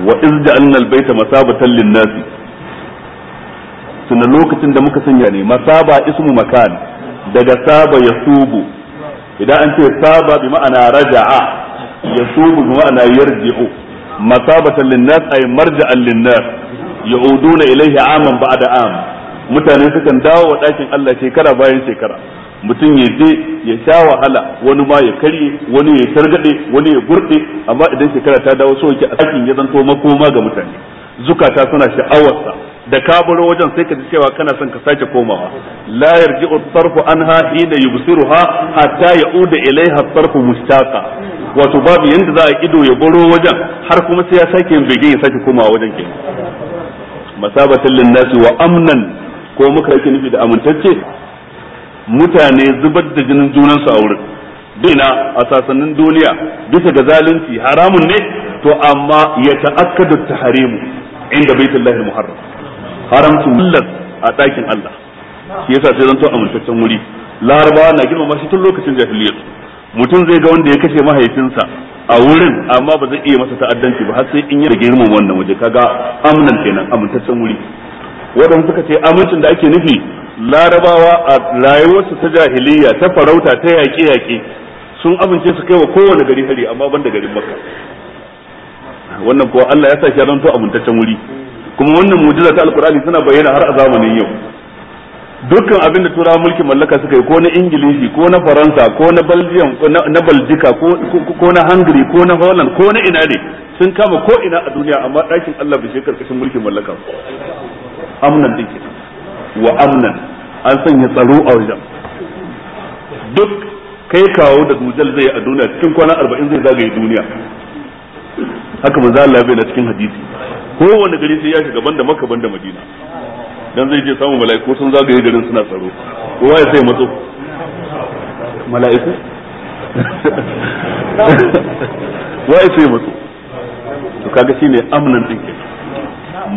wa iz ja'alna al-baita masabatan lin-nasi tunda lokacin da muka sanya ne masaba ismu makan daga saba yasubu idan an ce saba bi ma'ana raja'a yasubu bi ma'ana yarji'u masabatan linnas ay marja'an linnas yauduna ilaihi aman ba'da am mutane sukan dawo wa dakin Allah shekara bayan shekara mutum ya je ya sha wahala wani ma ya karye wani ya targade wani ya burɗe amma idan shekara ta dawo so yake a dakin ya zanto makoma ga mutane zukata suna sha'awarsa da ka baro wajen sai ka ji cewa kana son ka sake komawa la yarji'u sarfu anha hina yubsiruha hatta ya'uda ilaiha sarfu mustaqa. wato babu yanda za a ido ya baro wajen har kuma sai ya sake yin bege ya sake komawa wajen ke masabatan linnasi wa amnan ko muka yake nufi da amintacce mutane zubar da jinin junansu a wurin dina a sasannin duniya bisa ga zalunci haramun ne to amma ya ta'akkadu tahrimu inda baitullahi muharram haramcin millar a ɗakin Allah shi yasa sai zanto amintaccen wuri larabawa na girmama shi tun lokacin jahiliyyar mutum zai ga wanda ya kashe mahaifinsa a wurin amma ba zai iya masa ta'addanci ba har sai in yana girman wannan waje kaga amnan kenan amintaccen wuri wadanda suka ce amincin da ake nufi larabawa a rayuwarsu ta jahiliya ta farauta ta yaƙe-yaƙe sun amince su kai wa kowane gari hari amma ban da garin makka wannan kuwa Allah ya sa shi ya zanto amintaccen wuri kuma wannan mu'jiza ta alkurani tana bayyana har a zamanin yau dukkan abin da turawa mulkin mallaka suka yi ko na ingilishi ko na faransa ko na belgium na baljika ko na hungary ko na holland ko na ina ne sun kama ko ina a duniya amma ɗakin allah bai shekar kashin mulkin mallaka amnan dinki wa amnan an sanya tsaro a wajen duk kai kawo da dujal zai a duniya cikin kwana arba'in zai zagaye duniya haka manzo Allah bai na cikin hadisi kowane gari sai ya shiga banda makka banda madina dan zai je samu mala'iku sun zagaye garin suna tsaro kowa ya sai matso mala'iku wa ya sai matso to kaga shine amnan din kenan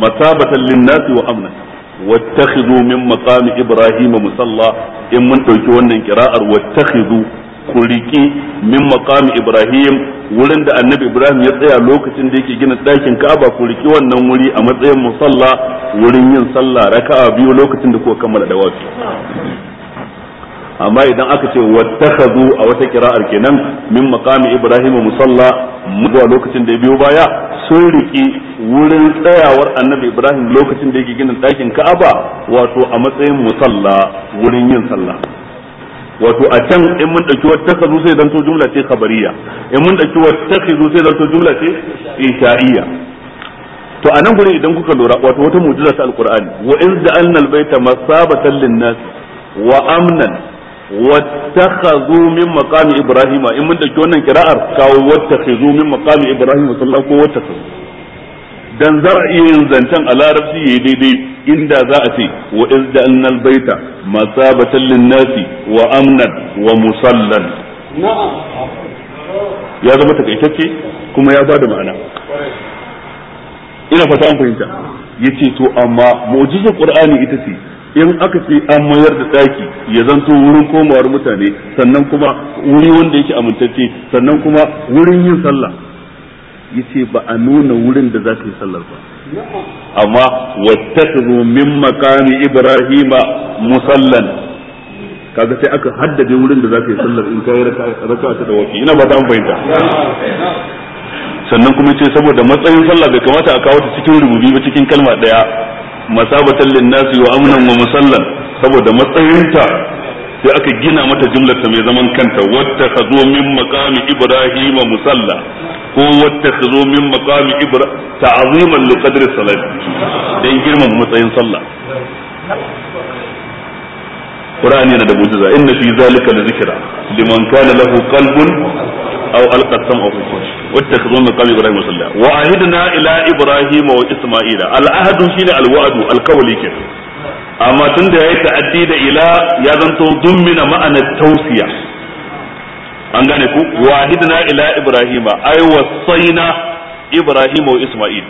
masabatan linnasi wa amnan wattakhidhu min maqami ibrahima musalla in mun dauki wannan kira'ar wattakhidhu ku riki min maqami ibrahim wurin da annabi ibrahim ya tsaya lokacin da yake gina dakin ka'aba ku riki wannan wuri a matsayin musalla wurin yin sallah raka'a biyu lokacin da kuka kammala da wasu amma idan aka ce wattakhadhu a wata kira'ar kenan min maqami ibrahim musalla zuwa lokacin da ya biyo baya sun riki wurin tsayawar annabi ibrahim lokacin da yake gina dakin ka'aba wato a matsayin musalla wurin yin sallah wato a can in mun dauki wata takhazu sai zanto jumla ce khabariya in mun dauki wata takhazu sai zanto jumla ce isha'iyya to anan gure idan kuka lura wato wata mu'jiza ta alqur'ani wa in ja'alna albayta masabatan lin-nas wa amnan wattakhadhu min maqami ibrahima in mun dauki wannan kira'ar kawo wattakhadhu min maqami ibrahima sallallahu ko wattakhadhu dan zar'i a iya yin zancen a larabci yayi daidai inda za a ce wa in ja'alna albayta masabatan linnasi wa amnan wa musallan ya zama takaitacce kuma ya bada ma'ana ina fata an fahimta yace to amma mu'jizar qur'ani ita ce in aka ce an mayar da daki ya zanto wurin komawar mutane sannan kuma wuri wanda yake amintacce sannan kuma wurin yin sallah yace ba a nuna wurin da za yi sallar ba amma wattakhu min makani ibrahima musallan kaga sai aka haddace wurin da za yi sallar in kai raka'a ta dawaki ina ba ta fahimta sannan kuma ce saboda matsayin sallah bai kamata a kawo ta cikin rububi ba cikin kalma daya masabatan nasi wa amnan wa musallan saboda matsayinta sai aka gina mata jumlar ta mai zaman kanta wata ka zo min maqami ibrahima musalla ko wata ka zo min salat girman matsayin sallah Qur'ani yana da mu'jiza inna fi zalika la zikra liman kana lahu qalbun aw alqa sam'a fi kulli wata ka zo min maqami ibrahima musalla wa ahidna ila ibrahima wa isma'ila al ahadu shine al wa'du al qawli kenan amma tun da ya yi ta'addi da ila ya zanto dummina ma'anar tausiya an gane ku wahidna ila ibrahima ai wasaina ibrahima wa isma'il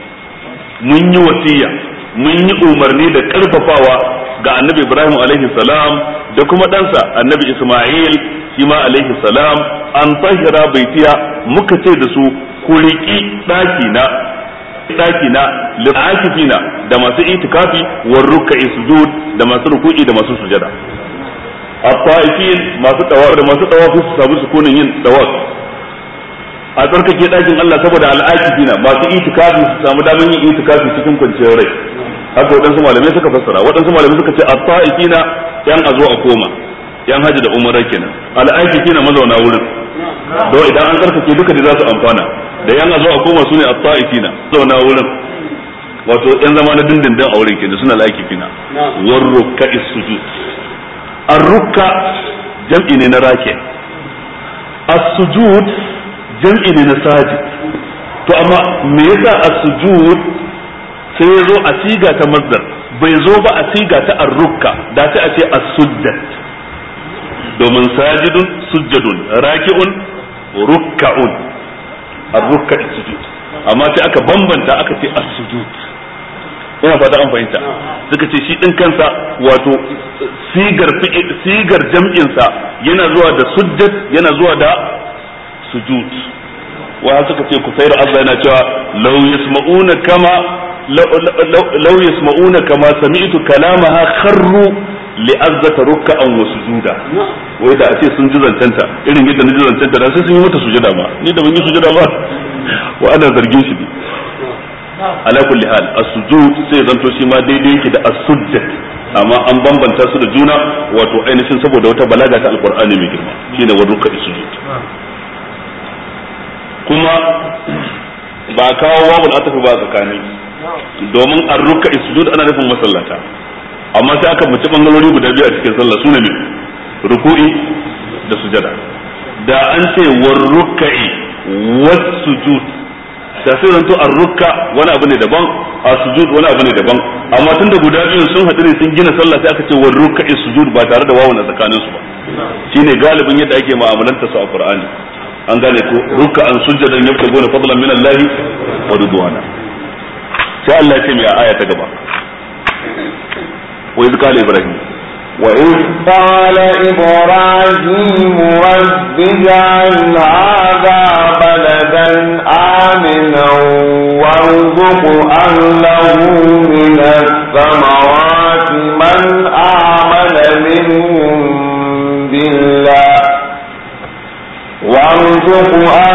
mun yi wasiya mun yi umarni da karfafawa ga annabi ibrahim alaihi salam da kuma ɗansa annabi isma'il shi ma alaihi salam an tahira baitiya muka ce da su ku riƙi ɗaki na daki na lil'akifina da masu itikafi war ruk'i sujud da masu ruku'i da masu sujada at-taifin masu tawaf da masu tawaf su su sukunin yin tawaf a tsarkake dakin Allah saboda al'akifina masu itikafi su samu damar yin itikafi cikin kwanciyar rai haka waɗansu malamai suka fassara waɗansu malamai suka ce at-taifina yan azo a koma yan haji da umara kenan al'akifina mazauna wurin don idan an tsarkake duka da za su amfana da yan azo a koma sune at-ta'ifina zauna wurin wato yan zama na dindindin a wurin kenan suna la'ikifina war rukka isuju ar-rukka jam'i ne na rake as-sujud jam'i ne na sajid to amma me yasa as-sujud sai ya zo a siga ta masdar bai zo ba a siga ta ar-rukka da ta ace as sujud domin sajidun sujjadun raki'un rukka'un Ama sujud amma sai aka bambanta aka ce as-sujud ina fata an fahimta suka ce shi din kansa wato sigar sigar jam'in sa yana zuwa da sujud yana zuwa da sujud wa suka ce kusairu Allah yana cewa law yasma'una kama law yasma'una kama sami'tu kalamaha kharru li'azzata ruk'an wasu juda, wai da ake sun ji zancanta irin yadda na ji zancanta da sai sun yi mata sujada ma ni da ban yi sujada ba wa ana zargin shi ne ala kulli hal as-sujud sai zanto shi ma daidai yake da as-sujud amma an bambanta su da juna wato ainihin saboda wata balaga ta alqur'ani mai girma shine wa ruk'an sujud kuma ba kawo wawul atafi ba tsakani domin ar-ruk'a sujud ana nufin masallata amma sai aka bace bangalori guda biyu a cikin sallah su ne ruku'i da sujada da an ce war ruka'i was sujud da sai zanto ar wani abu ne daban a sujud wani abu ne daban amma tun da guda biyun sun haɗu ne sun gina sallah sai aka ce war ruka'i sujud ba tare da wawan na tsakanin su ba shine galibin yadda ake mu'amalanta su a Qur'ani an gane ko ruka an sujjadan gona fadlan min Allah wa ridwana sai Allah ya ce mai aya ta gaba وإذ قال إبراهيم وإذ قال إبراهيم رب اجعل هذا بلدا آمنا وارزق أهله من الثمرات من آمن منهم بالله وارزق أهله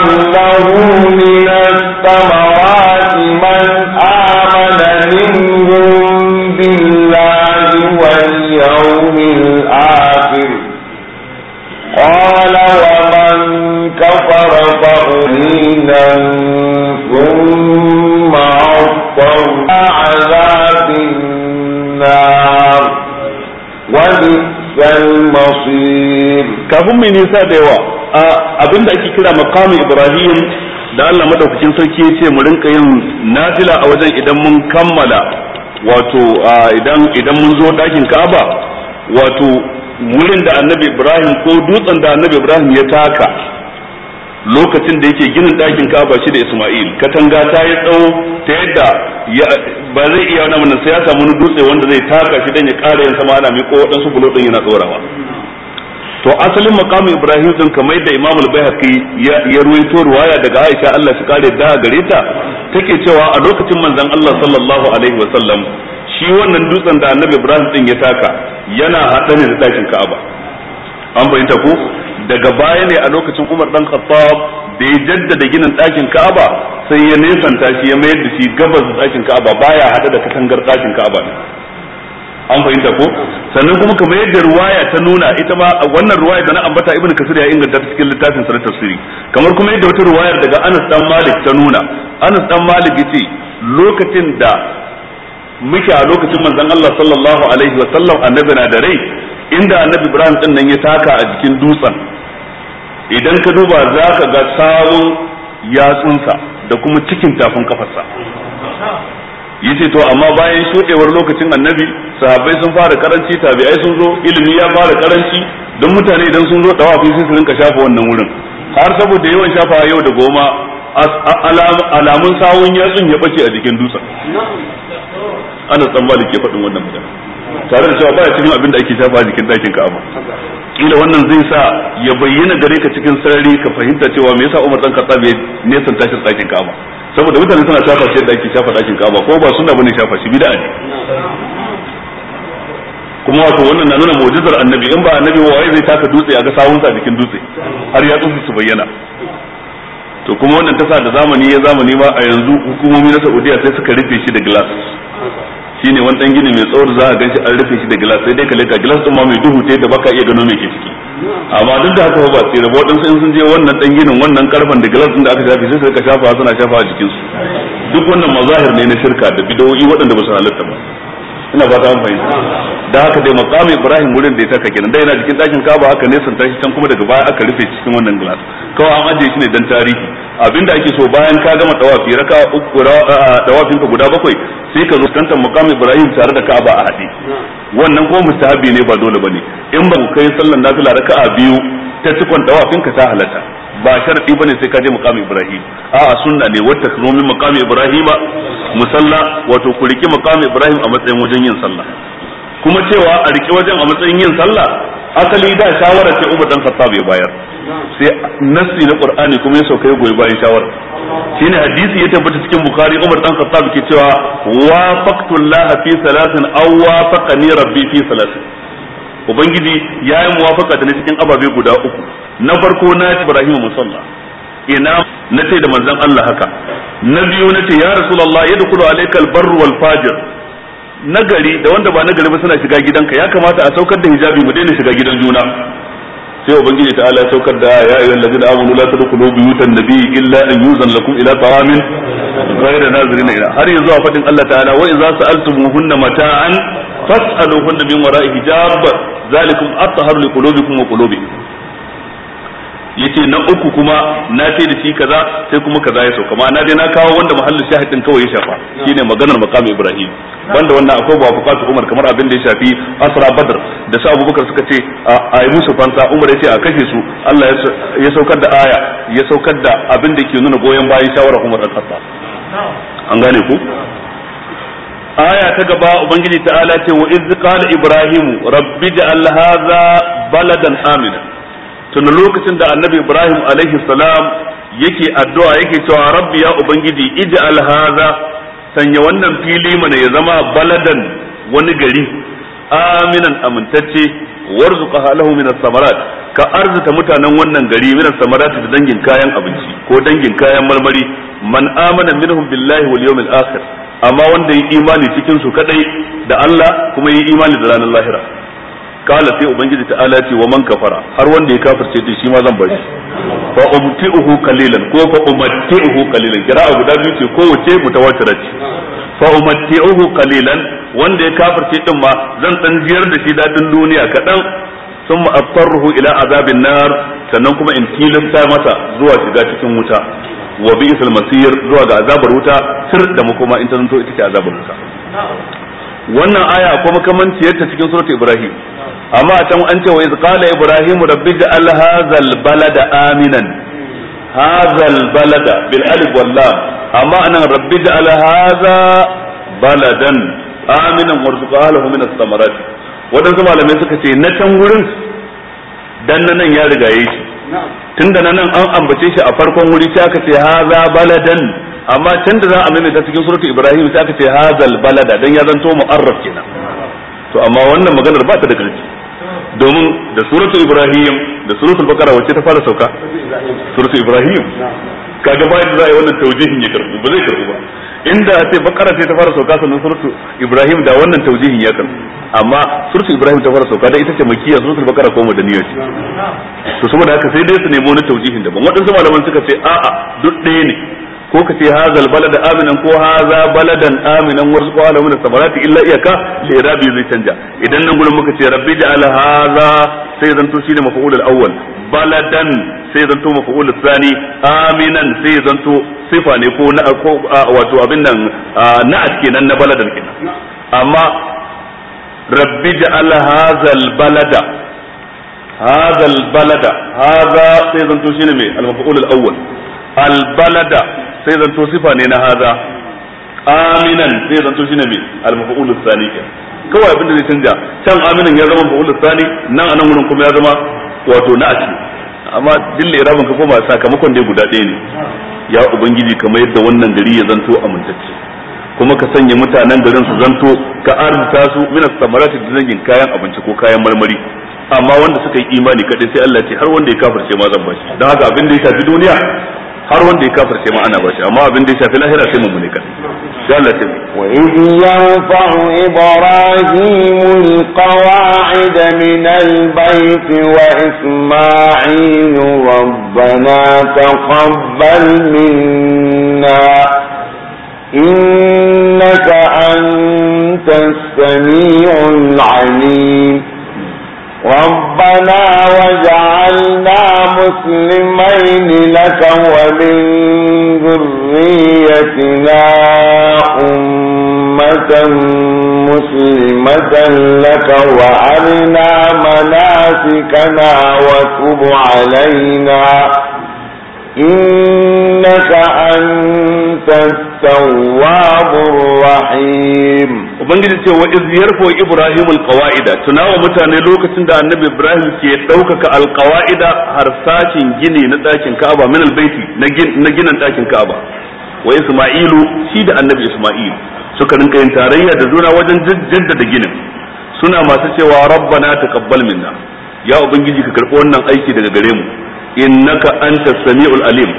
yi nisa da yawa a abin da ake kira Makamu ibrahim da Allah madaukakin sarki ya ce mu rinka yin nafila a wajen idan mun kammala wato idan idan mun zo dakin Ka'aba wato wurin da Annabi Ibrahim ko dutsen da Annabi Ibrahim ya taka lokacin da yake ginin dakin Ka'aba shi da Isma'il katanga ta yi tsawo ta yadda ba zai iya wani sai ya samu wani dutse wanda zai taka shi dan ya ƙara yin sama ana miƙo waɗansu bulo ɗin yana tsorawa to asalin maqamu ibrahim din kamar da imam al-baihaqi ya ruwaito riwaya daga aisha Allah shi kare da gare ta take cewa a lokacin manzon Allah sallallahu alaihi wa sallam shi wannan dutsen da annabi ibrahim din ya taka yana hada ne da dakin ka'aba an bayyana ko daga baya ne a lokacin umar dan khattab da ya jaddada ginin dakin ka'aba sai ya nesanta shi ya mayar da shi gabas da dakin ka'aba baya hada da katangar dakin ka'aba an fahimta ko sannan kuma kamar yadda ruwaya ta nuna ita ma wannan ruwaya da na ambata ibnu kasir ya inganta ta cikin littafin sa tafsiri kamar kuma yadda wata ruwayar daga Anas dan Malik ta nuna Anas dan Malik yace lokacin da muke a lokacin manzon Allah sallallahu alaihi wa sallam annabi na da rai inda annabi Ibrahim din nan ya taka a jikin dutsen idan ka duba zaka ga sabon yatsunsa da kuma cikin tafin kafarsa yace to amma bayan shudewar lokacin annabi sahabbai sun fara karanci tabi'ai sun zo ilimi ya fara karanci don mutane idan sun zo tawafi sai su rinka shafa wannan wurin har saboda yawan shafa yau da goma alamun sawun yatsun ya bace a jikin dutsen. ana tsammali ke faɗin wannan magana tare da cewa baya cikin abin da ake shafa a jikin dakin ka'aba kila wannan zai sa ya bayyana gare ka cikin sarari ka fahimta cewa me yasa Umar dan Khattab ya nesanta shi dakin Ka'aba saboda mutane suna shafa shi yadda ake shafa dakin kaba ko ba suna bane shafa shi bid'a ne kuma wato wannan na nuna mu'jizar annabi in ba annabi waye zai taka dutse a ga sawunsa a jikin dutse har ya tsufi su bayyana to kuma wannan tasa da zamani ya zamani ba a yanzu hukumomi na Saudiya sai suka rufe shi da glass shine wani dan gini mai tsawon za a ganshi an rufe shi da glass sai dai ka leka glass din ma mai duhu ta yadda baka iya gano me ke ciki amma duk da haka ba sai rabo dan sai sun je wannan dan ginin wannan karfan da glass din da aka shafe sai su rika shafa suna shafa a jikin su duk wannan mazahir ne na shirka da bidoyi waɗanda ba su halatta ba ina ba ta an fahimta da haka dai makamin ibrahim wurin da ya saka kenan dai yana cikin dakin kaba aka ne tashi can kuma daga baya aka rufe cikin wannan glass kawai an ajiye shi ne dan tarihi abinda ake so bayan ka gama tawafi raka uku tawafin ka guda bakwai sai ka zo kantar makamin ibrahim tare da kaba a hade wannan ko mustahabi ne ba dole bane in ba ku kai sallan nafila raka'a biyu ta cikon tawafin ka ta halata. ba sharadi bane sai ka je maqam Ibrahim a'a sunna ne wata kuma min maqam Ibrahim musalla wato ku riki maqam Ibrahim a matsayin wajen yin sallah kuma cewa a riki wajen a matsayin yin sallah asali da shawara ce ubudan dan Khattab ya bayar sai nasi na Qur'ani kuma ya sauka ya goyi bayan shawara shine hadisi ya tabbata cikin Bukhari Umar dan Khattab ke cewa faqtu Allah fi salatin aw faqani rabbi fi salatin ubangiji ya muwafaka da ni cikin ababe guda uku na farko na Ibrahim musalla ina na ce da manzon Allah haka na biyu na ce ya rasulullah yadkhulu alayka albarru wal fajir nagari da wanda ba nagari ba suna shiga gidanka ya kamata a saukar da hijabi mu daina shiga gidan juna sai ubangiji ta ala saukar da ya ayyuhal ladina amanu la tadkhulu buyutan nabiy illa an yuzan lakum ila ta'amin ghayra nazirin ila har yanzu a fadin Allah ta'ala wa idza sa'altumuhunna mata'an fas'aluhunna min wara'i hijab zalikum atharu liqulubikum wa qulubihim yace na uku kuma na ce da shi kaza sai kuma kaza ya sauka ma'ana dai na kawo wanda muhallin shahidin kawai ya shafa shine maganar maqam Ibrahim banda wannan akwai ba fatu Umar kamar abin da ya shafi asra Badr da sa Abubakar suka ce a yi musu fansa Umar ya ce a kashe su Allah ya saukar da aya ya saukar da abin da ke nuna goyon bayan shawarar Umar al an gane ku aya ta gaba ubangiji ta'ala ce wa iz qala ibrahim rabbi ja'al hadha baladan amina tun lokacin da annabi ibrahim alaihi salam yake addu'a yake cewa rabbi ya ubangiji iji alhaza, sanya wannan fili mana ya zama baladan wani gari aminan amintacce warzuqa halahu min samarat ka arzuta mutanen wannan gari min samarat da dangin kayan abinci ko dangin kayan marmari man amana minhum billahi wal yawmil akhir amma wanda yi imani cikin su kadai da Allah kuma yi imani da ranar lahira kala sai ubangiji ta'ala ce wa man kafara har wanda ya kafirce din shi ma zan bar shi fa umti'uhu qalilan ko fa umatti'uhu qalilan kira'a guda biyu ce ko wace mutawatira ce fa umatti'uhu qalilan wanda ya kafirce din ma zan dan ziyar da shi dadin duniya kadan thumma aftarruhu ila azabin nar sannan kuma in tilimta masa zuwa shiga cikin wuta wa bi'sal masir zuwa ga azabar wuta sir da makoma in ta zanto ita ce azabar wuta wannan aya ko makamanciyarta cikin suratul ibrahim amma a can an ce wa iz qala ibrahim rabbi ja'al hadzal balada aminan hadzal balada bil alif wal lam amma anan rabbi ja'al hadza baladan aminan warzuq ahlihi min as-samarat su malamai suka ce na can wurin dan nan ya rigaye shi tunda nan an ambace shi a farkon wuri sai aka ce hadza baladan amma can da za a ta cikin surutu ibrahim sai aka ce hazal balada dan ya zanto mu'arraf kenan to amma wannan maganar ba ta da karfi domin da suratul ibrahim da suratul baqara wacce ta fara sauka suratul ibrahim kaga ba da yi wannan taujihin ya karbu ba zai karbu ba inda sai baqara sai ta fara sauka sannan suratul ibrahim da wannan taujihin ya karbu amma suratul ibrahim ta fara sauka da ita ce makkiya suratul baqara ko madaniya ce to saboda haka sai dai su nemo na taujihin daban waɗansu malaman suka ce a'a duk ɗaya ne ko ka ce hazal balada aminan ko haza baladan aminan warzuqu ko min samarati illa iyaka li rabi zai canja idan nan gurin muka ce rabbi ja'al haza sai zanto shine maf'ul al-awwal baladan sai zanto maf'ul al-thani aminan sai zanto sifa ne ko na ko wato abin nan na'at kenan na baladan kenan amma rabbi ja'al hazal balada hazal balada haza sai zanto shine mai al-maf'ul al-awwal al-balada sai zanto sifa ne na haza aminan sai zanto shine mai al-maf'ulus sani kawai abinda zai canja can aminan ya zama maf'ulus sani nan anan wurin kuma ya zama wato na asli amma dille rabin ka koma sakamakon dai guda ɗaya ne ya ubangiji kamar yadda wannan gari ya zanto amintacce kuma ka sanya mutanen garin su zanto ka arzuta su mina samarati zangin kayan abinci ko kayan marmari amma wanda suka yi imani kadai sai Allah ce har wanda ya kafirce ma zan bashi don haka abin da ya shafi duniya har wanda ya kafirce ma ana bashi amma abin da ya shafi lahira sai mummune ka sai Allah ta wa idh yanfa'u ibrahim alqawa'id min albayt wa isma'il rabbana taqabbal minna innaka antas samiul alim ربنا وجعلنا مسلمين لك ومن ذريتنا أمة مسلمة لك وأرنا مناسكنا وتب علينا إنك أنت التواب الرحيم ubangiji ce wa iz yarfu ibrahim alqawaida tunawa mutane lokacin da annabi ibrahim ke daukaka alqawaida har sakin gini na dakin ka'aba min albayti na ginin dakin ka'aba wa isma'ilu shi da annabi isma'il suka rinka yin tarayya da juna wajen jaddada ginin suna masu cewa rabbana taqabbal minna ya ubangiji ka karbi wannan aiki daga gare mu innaka antas samiul alim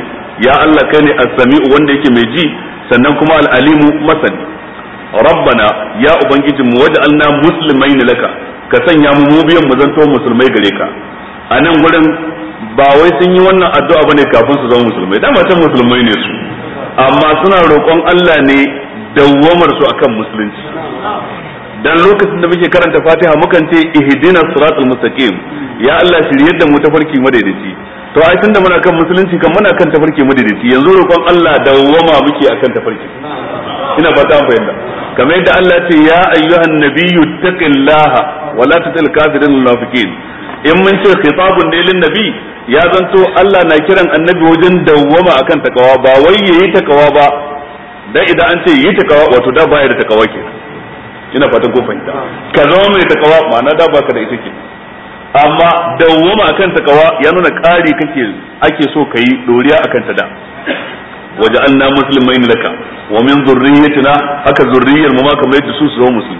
ya Allah kai ne as-sami'u wanda yake mai ji sannan kuma al-alimu masani rabbana ya ubangijin mu waj'alna muslimain laka ka sanya mu mu biyan mu zanto musulmai gare ka anan gurin ba wai sun yi wannan addu'a bane kafin su zama musulmai dama can musulmai ne su amma suna roƙon Allah ne dawwamar su akan musulunci dan lokacin da muke karanta Fatiha mukan ce ihdina siratal mustaqim ya Allah shiryar da mu tafarki madaidaici to ai tunda muna kan musulunci kan muna kan tafarki madaidaici yanzu roƙon Allah dawwama muke akan tafarki ina fata an kamar yadda Allah ce ya ayyuhan nabiyyu taqillaha wa la tutil kafirin munafiqin in mun ce khitabun ne lin nabi ya zanto Allah na kiran annabi wajen dawwama akan takawa ba wai yayi takawa ba dan idan an ce yi takawa wato da ba da takawa ke ina fatan ko fahimta ka zama mai takawa ma'ana da baka da ita ke amma dawwama akan takawa ya nuna kare kake ake so ka yi doriya akan ta da وجعلنا مسلمين لك wa min dhurriyyatina haka zurriyar mu ma kamar مسلم su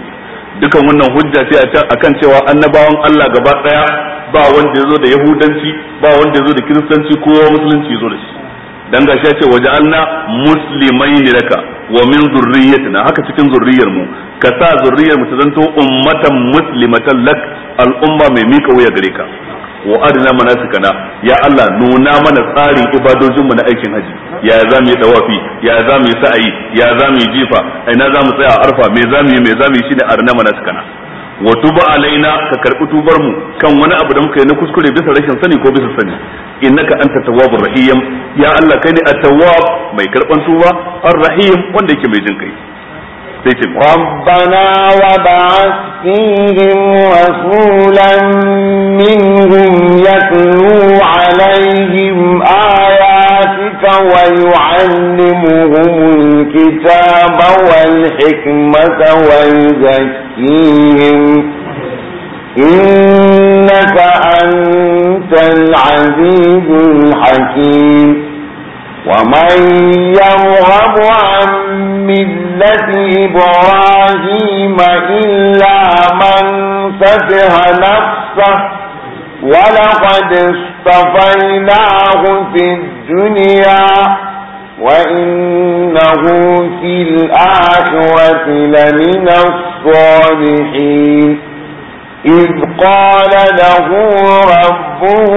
dukan wannan hujja ce a kan cewa annabawan Allah gaba daya ba wanda yazo da yahudanci ba wanda yazo da kiristanci ko musulunci yazo da shi dan gashi ya ce waj'alna muslimaina laka wa min dhurriyyatina haka cikin zurriyar mu ka sa zurriyar mu ta zanto ummatan muslimatan lak al'umma mai mika wuya gare ka wa adna manasikana ya Allah nuna mana tsarin ibadojin mu na aikin haji ya za mu yi dawafi ya za mu yi sa'ayi ya za mu yi jifa ina za mu tsaya a arfa me za mu yi me za mu yi shine adna manasikana wa tuba alaina ka karbi tubar mu kan wani abu da muka yi na kuskure bisa rashin sani ko bisa sani innaka anta tawwabur rahim ya Allah kai ne at-tawwab mai karban tuba ar-rahim wanda yake mai jin kai ربنا وبعث فيهم رسولا منهم يتلو عليهم آياتك ويعلمهم الكتاب والحكمة ويزكيهم إنك أنت العزيز الحكيم ومن يرغب عن ملة إبراهيم إلا من سفه نفسه ولقد اصطفيناه في الدنيا وإنه في الآخرة لمن الصالحين إذ قال له ربه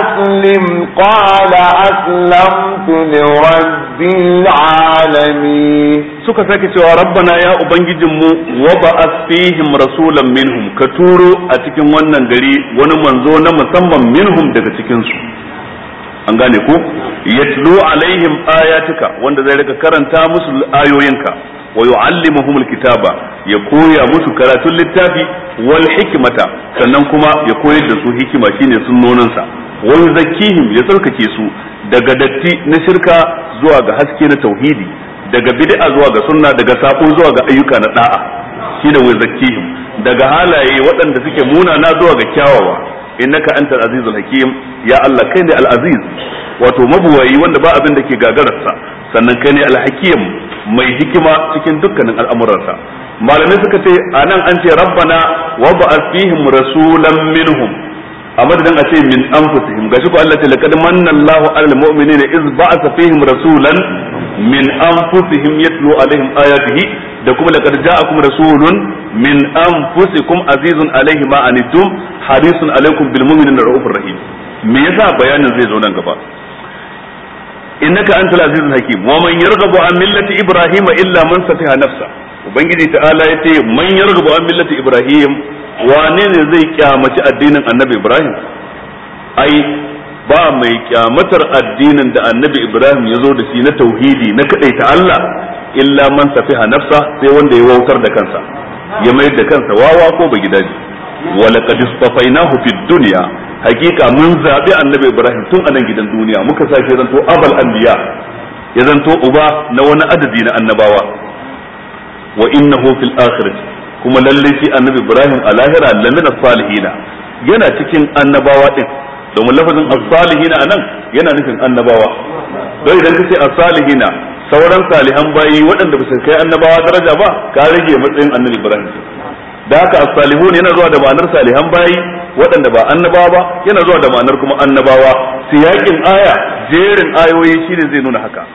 أسلم قال أسلمت لرب العالمين suka sake cewa rabbana ya ubangijinmu wa a fihim rasulan minhum ka turo a cikin wannan gari wani manzo na musamman minhum daga cikinsu. an gane ko yatlu alaihim ayatuka wanda zai rika karanta musu ayoyinka wa yuallimuhum alkitaba ya koya musu karatun littafi wal hikmata sannan kuma ya koyar da su hikima shine sunnonin sa wa yuzakkihim ya tsarkake su daga datti na shirka zuwa ga haske na tauhidi daga bid'a zuwa ga sunna daga sako zuwa ga ayyuka na da'a shine wa yuzakkihim daga halaye waɗanda suke munana zuwa ga kyawawa innaka antal azizul hakim ya Allah kai ne al aziz wato mabuwayi wanda ba abin da ke gagararsa sannan kai ne al hakim mai hikima cikin dukkanin al'amuransa malamai suka ce anan an ce rabbana wa a fihim rasulan minhum a madadin a ce min anfusihim gashi ko Allah ce laqad manna Allahu alal mu'minina iz ba'atha fihim rasulan min anfusihim yatlu alaihim ayatihi da kuma laqad ja'akum rasulun min anfusikum azizun alaihi ma anittum harisun alaikum bil mu'minina raufur rahim me yasa bayanin zai zo nan gaba innaka antal azizul hakim wa man yarghabu an millati ibrahima illa man safiha nafsa ubangiji ta'ala yace man yarghabu an millati ibrahim wane ne zai kyamaci addinin annabi ibrahim ai ba mai kyamatar addinin da annabi ibrahim ya zo da shi na tauhidi na ta Allah illa man safiha nafsa sai wanda ya wautar da kansa ya mai da kansa wawa ko ba gidaje wala qad istafainahu fid dunya hakika mun zabi annabi ibrahim tun anan gidan duniya muka sa shi zanto abal anbiya ya zanto uba na wani adadi na annabawa wa innahu fil akhirati kuma lalle shi annabi ibrahim a lahira lamina salihina yana cikin annabawa din domin lafazin as-salihina anan yana nufin annabawa don idan kace as-salihina sauran salihan bayi waɗanda ba su kai annabawa daraja ba ka rage matsayin annabi Ibrahim da haka as-salihun yana zuwa da ma'anar salihan bayi waɗanda ba annabawa ba yana zuwa da ma'anar kuma annabawa siyakin aya jerin ayoyi shine zai nuna haka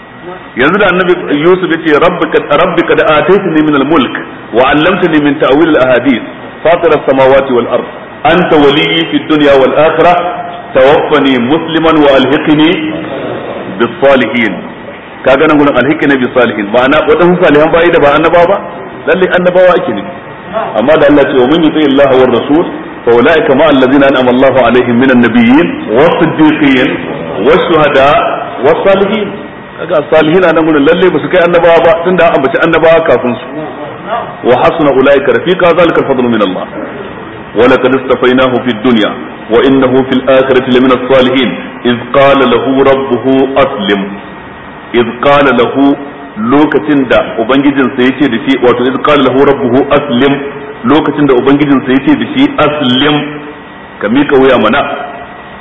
yanzu da annabi Yusuf yace rabbika rabbika da ataitani min al-mulk wa 'allamtani min ta'wil al-ahadith fatir as-samawati wal ard anta waliyyi fid dunya wal akhirah tawaffani musliman wa alhiqni bis salihin kaga nan gurin alhiqni bis salihin ma'ana wadannan salihan bai da ba annaba ba lalle annabawa ake ne amma da Allah ce wa mun yuti Allah war rasul fa ulaika ma allazina an'ama Allah alaihim minan nabiyyin was siddiqin was shuhada was salihin kaga salihin nan gurin lalle ba su kai annabawa ba tunda an ambaci annabawa kafin su wa hasuna ulaika rafiqa zalika fadlun min Allah ولقد اصطفيناه في الدنيا وإنه في الآخرة لمن الصالحين إذ قال له ربه أسلم إذ قال له lokacin da ubangijinsa ya lokacin da ubangijinsa ya ce da shi aslim ka mika wuya mana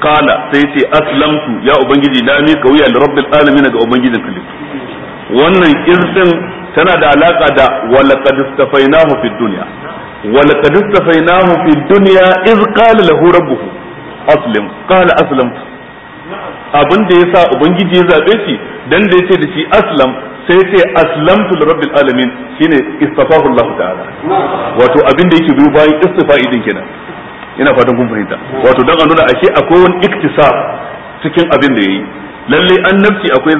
qala sai ce aslamtu ya ubangiji na mika wuya li rabbil alamin ga ubangijin kalli wannan izin tana da alaka da walaqad ولقد استفيناه في الدنيا إذ قال له ربه أسلم قال أسلمت abin da yasa ubangiji ya zabe shi dan da yace da shi aslam sai ce aslamtu lirabbil rabbil alamin shine istafahu Allah ta'ala wato abin da yake biyo bayan istifa'i din kenan ina fatan kun fahimta wato dan a nuna ashe akwai wani iktisar cikin abin da yayi lalle annabci akwai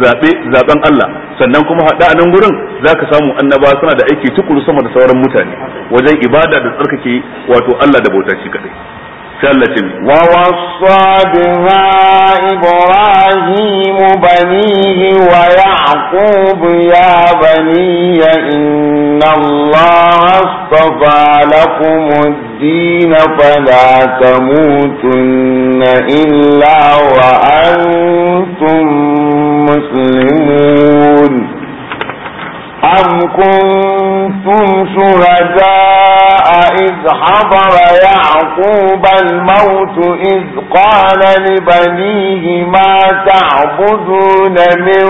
zabe zaben Allah sannan kuma haɗa a nan gurin zaka samu annaba suna da aiki tukuru sama da sauran mutane wajen ibada da tsarkake wato Allah da bauta shi kadai سلتم ووصى بها إبراهيم بنيه ويعقوب يا بني إن الله اصطفى لكم الدين فلا تموتن إلا وأنتم مسلمون أم كنتم شهداء إذ حضر يعقوب الموت إذ قال لبنيه ما تعبدون من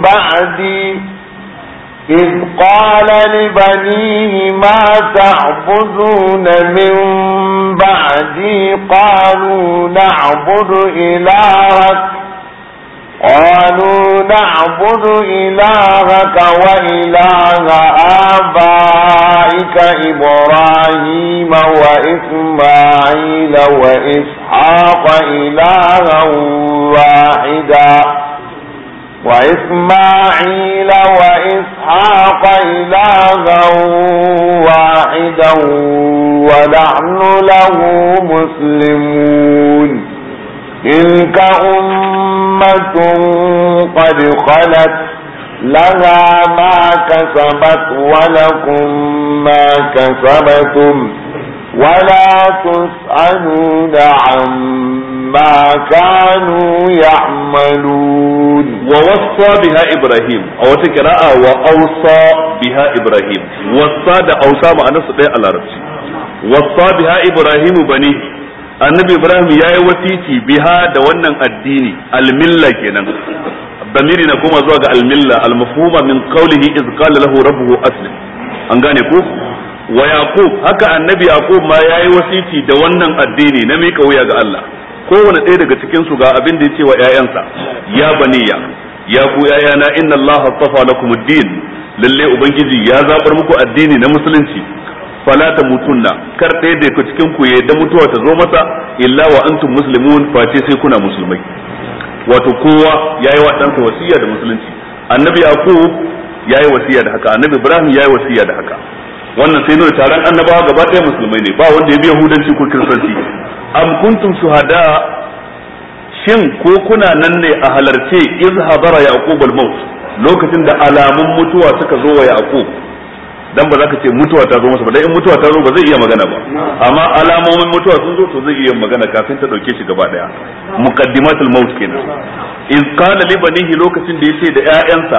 بعدي إذ قال لبنيه ما تعبدون من بعدي قالوا نعبد إلهك قالوا نعبد إلهك وإله آبائك إبراهيم وإسماعيل وإسحاق إلها واحدا وإسماعيل وإسحاق إلها واحدا ونحن له مسلمون تلك أمة قد خلت لها ما كسبت ولكم ما كسبتم ولا تسألون عما كانوا يعملون ووصى بها إبراهيم أو تكراء وأوصى بها إبراهيم وصى بها أوصى معنى صدق على وصى بها إبراهيم بنيه annabi ibrahim ya yi wasici biha da wannan addini almilla kenan damiri na kuma zuwa ga almilla almafhuma min qawlihi iz qala lahu rabbuhu aslim an gane ku? wa yaqub haka annabi yaqub ma yayi wasici da wannan addini na mika wuya ga Allah kowane ɗaya daga cikin su ga abin da yace wa ƴaƴansa ya baniya ya ku ƴaƴana inna Allah Tafa lakum din lalle ubangiji ya zabar muku addini na musulunci fala ta mutunna kar ɗaya da ku cikin ku yadda mutuwa ta zo masa illa wa antum muslimun face sai kuna musulmai wato kowa yayi wa ɗansa wasiya da musulunci annabi yaqub yayi wasiya da haka annabi ibrahim yayi wasiya da haka wannan sai nuna taron annabawa gaba ɗaya musulmai ne ba wanda ya bi yahudanci ko kristanci am kuntum shuhada shin ko kuna nan ne a halarce iz hadara yaqub al-maut lokacin da alamun mutuwa suka zo wa yaqub dan ba za ka ce mutuwa ta zo masa ba dan in mutuwa ta zo ba zai iya magana ba amma alamomin mutuwa sun zo to zai iya magana kafin ta dauke shi gaba daya muqaddimatul maut kenan in qala li banihi lokacin da yace da ƴaƴansa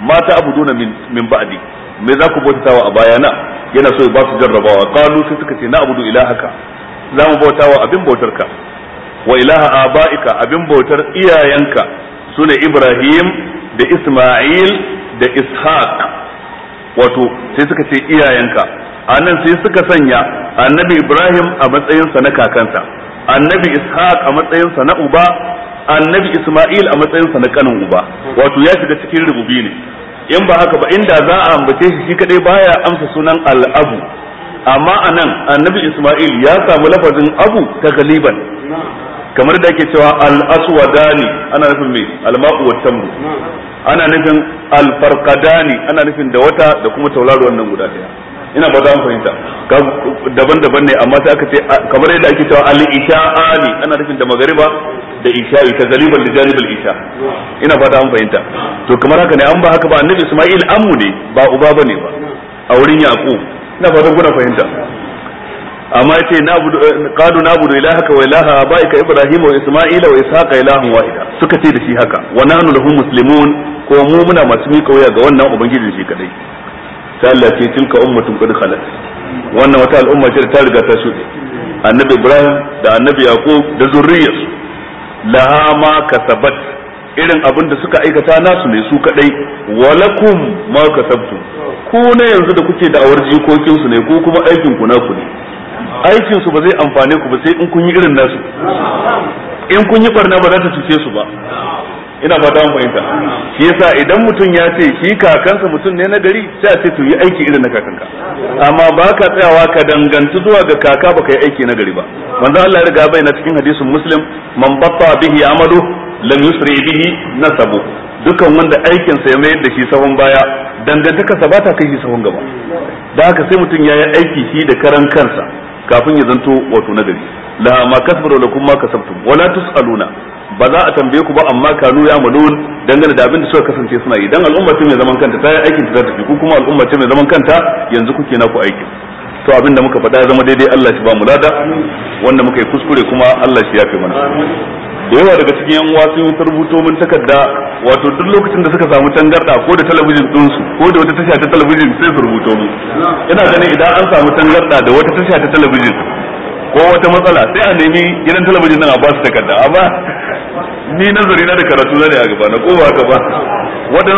mata abuduna min min ba'di me za ku bautawa a bayana yana so ya ba su jarrabawa qalu sai suka ce na abudu ilahaka za mu bautawa abin bautarka wa ilaha abaika abin bautar iyayenka sune Ibrahim da Isma'il da Ishaq wato sai suka ce iyayenka anan sai suka sanya annabi ibrahim a matsayinsa na kakansa annabi ishaq a matsayinsa na uba annabi isma'il a matsayinsa na kanin uba wato ya shiga cikin rububi ne in ba haka ba inda za a ambace shi shi kadai baya amsa sunan al'abu amma anan annabi isma'il ya samu lafazin abu ta galiban kamar da ake cewa al-aswadani ana nufin me al-ma'u wa tamru ana nufin alfarqadani ana nufin da wata da kuma tauraruwan nan guda daya ina ba za mu fahimta daban-daban ne amma sai aka ce kamar yadda ake cewa al-isha'ani ana nufin da magariba da isha ita zalibal da janibal isha ina ba za mu fahimta to kamar haka ne an ba haka ba annabi Isma'il amu ne ba uba bane ba a wurin Yaqub ina za kuna fahimta amma yace na'budu eh, qalu na'budu ilahaka wa ilaha abaika ibrahim wa isma'ila wa ishaqa ilahan wahida suka ce da shi haka wa nanu lahum muslimun ko mu muna masu mika waya ga wannan ubangiji shi kadai sai Allah ce tilka ummatun qad khalat wannan wata al'umma ce da ta riga ta shuɗe annabi ibrahim da annabi yaqub da zurriyarsu laha ma kasabat irin abin da suka aikata nasu ne su kadai walakum ma kasabtum ku na yanzu da kuke da awar jikokin su ne ko kuma aikin ku naku ne aikin su ba zai amfane ku ba sai in kun yi irin nasu in kun yi barna ba za ta cuce su ba ina fata mu fahimta shi yasa idan mutum ya ce shi kakansa mutum ne na gari sai a ce to yi aiki irin na kakanka amma ba ka tsayawa ka danganci zuwa ga kaka baka yi aiki na gari ba manzo Allah ya riga bayyana cikin hadisin muslim man batta bihi amalu lam yusri bihi nasabu dukan wanda aikinsa ya mayar da shi sabon baya dangantaka sa ba ta kai shi sabon gaba da haka sai mutum ya yi aiki shi da karan kansa kafin ya zanto wato nagari la ma kasbaru lakum ma kasabtum wala tusaluna ba za a tambaye ku ba amma kanu ya malun dangane da abin da suka kasance suna yi dan al'umma ce mai zaman kanta ta yi aikin ta tafi ku kuma al'umma ce mai zaman kanta yanzu kuke na ku aikin to abin da muka faɗa zama daidai Allah shi ba mu lada wanda muka yi kuskure kuma Allah shi ya fi mana da yawa daga cikin yan wasu sun rubuto mun takarda wato duk lokacin da suka samu tangarda ko da talabijin ɗinsu ko da wata tasha ta talabijin sai su rubuto mu ina ganin idan an samu tangarda da wata tasha ta talabijin ko wata matsala sai a nemi gidan talabijin nan a ba su takarda amma ni nazari na da karatu na ne a gaba na ko ba ka ba